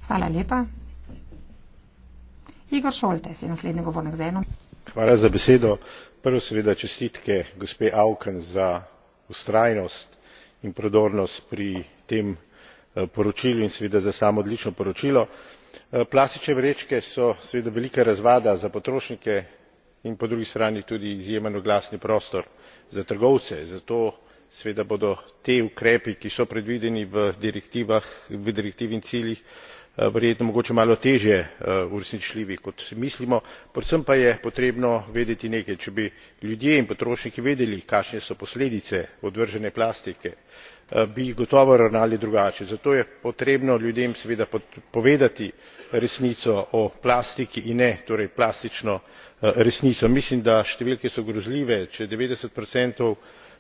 Hvala lepa. Igor Šolte je naslednji govornik za eno. Hvala za besedo. Prvo seveda čestitke gospe Avken za ustrajnost in prodornost pri tem eh, poročilu in seveda za samo odlično poročilo. Eh, plastične vrečke so seveda velika razvada za potrošnike in po drugi strani tudi izjemen oglasni prostor za trgovce zato seveda bodo ti ukrepi ki so predvideni v direktivah v direktivi in ciljih eh, verjetno mogoče malo težje eh, uresničljivi kot mislimo predvsem pa je potrebno vedeti nekaj če bi ljudje in potrošniki vedeli kakšne so posledice odvržene plastike Eh, bi gotovo ravnali drugače zato je potrebno ljudem seveda povedati resnico o plastiki in ne torej plastično eh, resnico mislim da številke so grozljive če devetdeset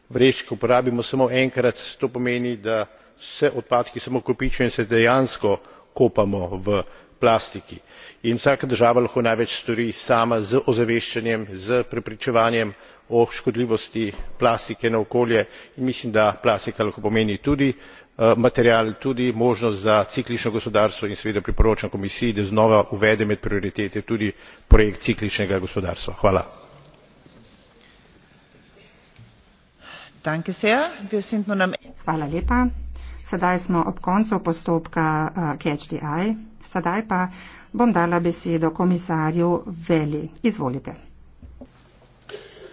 vrečk uporabimo samo enkrat to pomeni da se odpadki samo kopičijo in se dejansko kopamo v plastiki in vsaka država lahko največ stori sama z ozaveščanjem s prepričevanjem o škodljivosti plastike na okolje in mislim da plastika lahko pomeni tudi eh, material tudi možnost za ciklično gospodarstvo in seveda priporočam komisiji da znova uvede med prioritete tudi projekt cikličnega gospodarstva.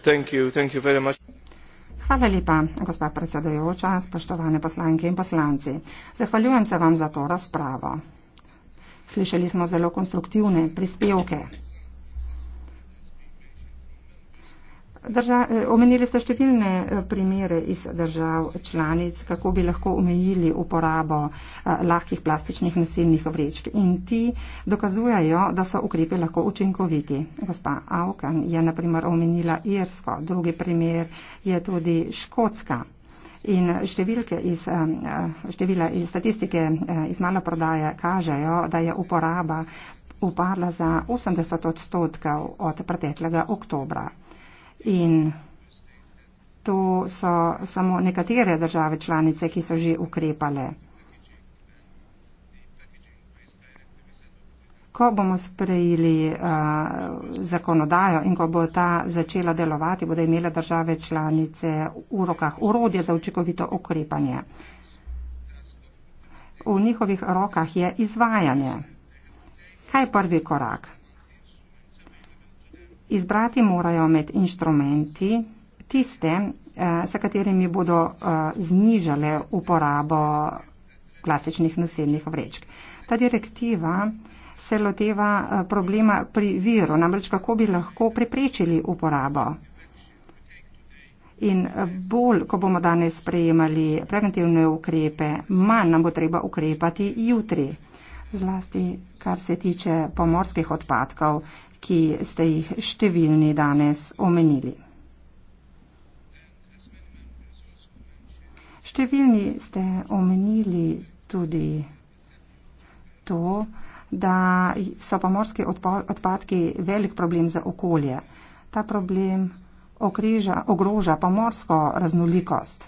Hvala lepa, gospa predsedojoča, spoštovane poslanke in poslanci. Zahvaljujem se vam za to razpravo. Slišali smo zelo konstruktivne prispevke. Drža, eh, omenili ste številne eh, primere iz držav članic, kako bi lahko omejili uporabo eh, lahkih plastičnih nosilnih vrečk. In ti dokazujejo, da so ukrepe lahko učinkoviti. Gospa Aukan je naprimer omenila Irsko, drugi primer je tudi Škotska. In iz, števila iz statistike iz maloprodaje kažejo, da je uporaba upadla za 80 odstotkov od preteklega oktobra in to so samo nekatere države članice, ki so že ukrepale. Ko bomo sprejeli uh, zakonodajo in ko bo ta začela delovati, bodo imele države članice v rokah urodje za učinkovito ukrepanje. V njihovih rokah je izvajanje. Kaj je prvi korak? Izbrati morajo med inštrumenti tiste, eh, s katerimi bodo eh, znižale uporabo plastičnih nosilnih vrečk. Ta direktiva se loteva eh, problema pri viru, namreč kako bi lahko preprečili uporabo. In bolj, ko bomo danes sprejemali preventivne ukrepe, manj nam bo treba ukrepati jutri. Zlasti, kar se tiče pomorskih odpadkov ki ste jih številni danes omenili. Številni ste omenili tudi to, da so pomorski odpadki velik problem za okolje. Ta problem okreža, ogroža pomorsko raznolikost.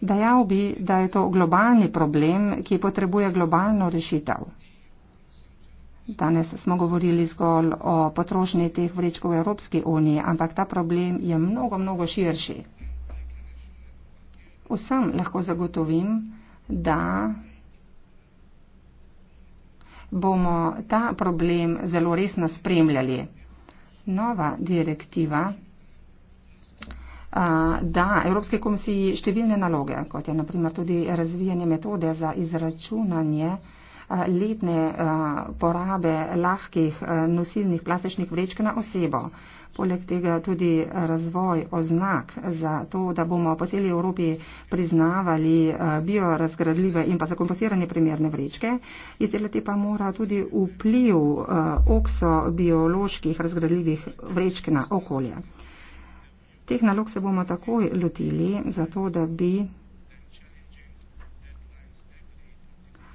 Dajal bi, da je to globalni problem, ki potrebuje globalno rešitev. Danes smo govorili zgolj o potrošnji teh vrečk v Evropski uniji, ampak ta problem je mnogo, mnogo širši. Vsem lahko zagotovim, da bomo ta problem zelo resno spremljali. Nova direktiva da Evropske komisije številne naloge, kot je naprimer tudi razvijanje metode za izračunanje Eh, letne eh, porabe lahkih eh, nosilnih plastičnih vrečk na osebo. Poleg tega tudi razvoj oznak za to, da bomo po celi Evropi priznavali biorazgradljive in pa zakompostirane primerne vrečke. Izdelati pa mora tudi vpliv oksobioloških razgradljivih vrečk na okolje. Teh nalog se bomo takoj lotili, zato da bi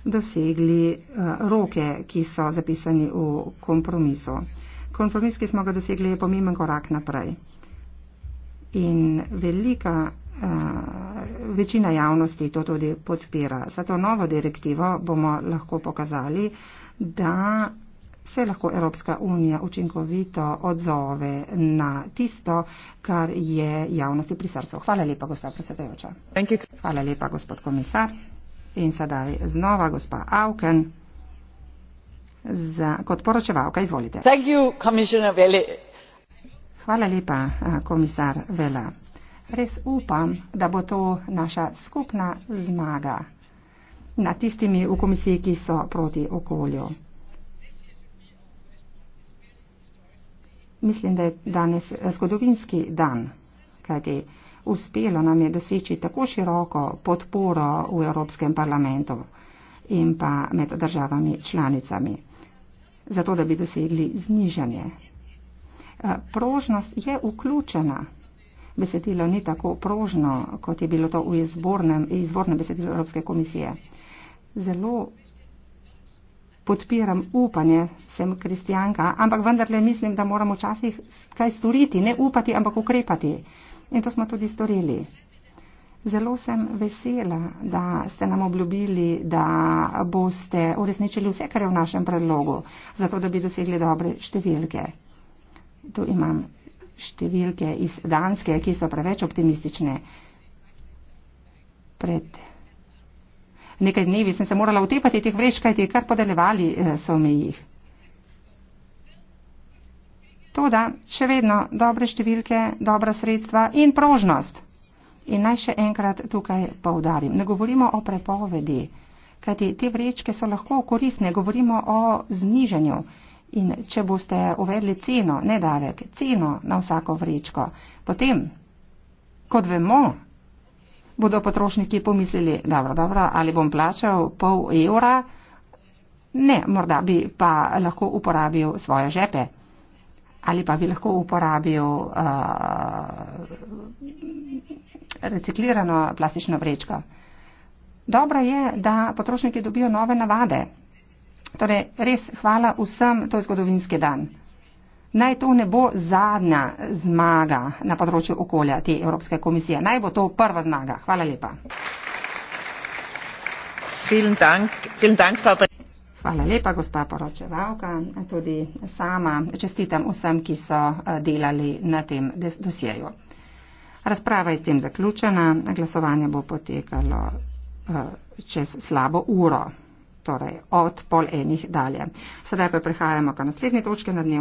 dosegli eh, roke, ki so zapisani v kompromisu. Kompromis, ki smo ga dosegli, je pomemben korak naprej. In velika eh, večina javnosti to tudi podpira. Zato novo direktivo bomo lahko pokazali, da se lahko Evropska unija učinkovito odzove na tisto, kar je javnosti pri srcu. Hvala lepa, gospod predsedajoča. Hvala lepa, gospod komisar. In sedaj znova gospa Auken za, kot poročevalka. Izvolite. Thank you, Hvala lepa, eh, komisar Vela. Res upam, da bo to naša skupna zmaga nad tistimi v komisiji, ki so proti okolju. Mislim, da je danes eh, zgodovinski dan, kajti uspelo nam je doseči tako široko podporo v Evropskem parlamentu in pa med državami članicami, zato da bi dosegli znižanje. Eh, prožnost je vključena. Besedilo ni tako prožno, kot je bilo to v izbornem, izbornem besedilu Evropske komisije. Zelo podpiram upanje, sem kristijanka, ampak vendarle mislim, da moramo včasih kaj storiti, ne upati, ampak ukrepati. In to smo tudi storili. Zelo sem vesela, da ste nam obljubili, da boste uresničili vse, kar je v našem predlogu, zato da bi dosegli dobre številke. Tu imam številke iz Danske, ki so preveč optimistične. Pred nekaj dnevi sem se morala utepati teh vreč, kaj ti kar podelevali eh, so mi jih. Tuda, še vedno dobre številke, dobra sredstva in prožnost. In naj še enkrat tukaj povdarim, ne govorimo o prepovedi, kajti te vrečke so lahko koristne, govorimo o zniženju. In če boste uvedli ceno, ne davek, ceno na vsako vrečko, potem, kot vemo, bodo potrošniki pomislili, dobro, dobro, ali bom plačal pol evra, ne, morda bi pa lahko uporabil svoje žepe ali pa bi lahko uporabil uh, reciklirano plastično vrečko. Dobro je, da potrošniki dobijo nove navade. Torej, res hvala vsem, to je zgodovinski dan. Naj to ne bo zadnja zmaga na področju okolja te Evropske komisije. Naj bo to prva zmaga. Hvala lepa. Vielen Dank. Vielen Dank, Frau Hvala lepa, gospa poročevalka. Tudi sama čestitam vsem, ki so eh, delali na tem dosjeju. Razprava je s tem zaključena. Glasovanje bo potekalo eh, čez slabo uro, torej od pol enih dalje. Sedaj pa prehajamo k naslednji točki na dnevni red.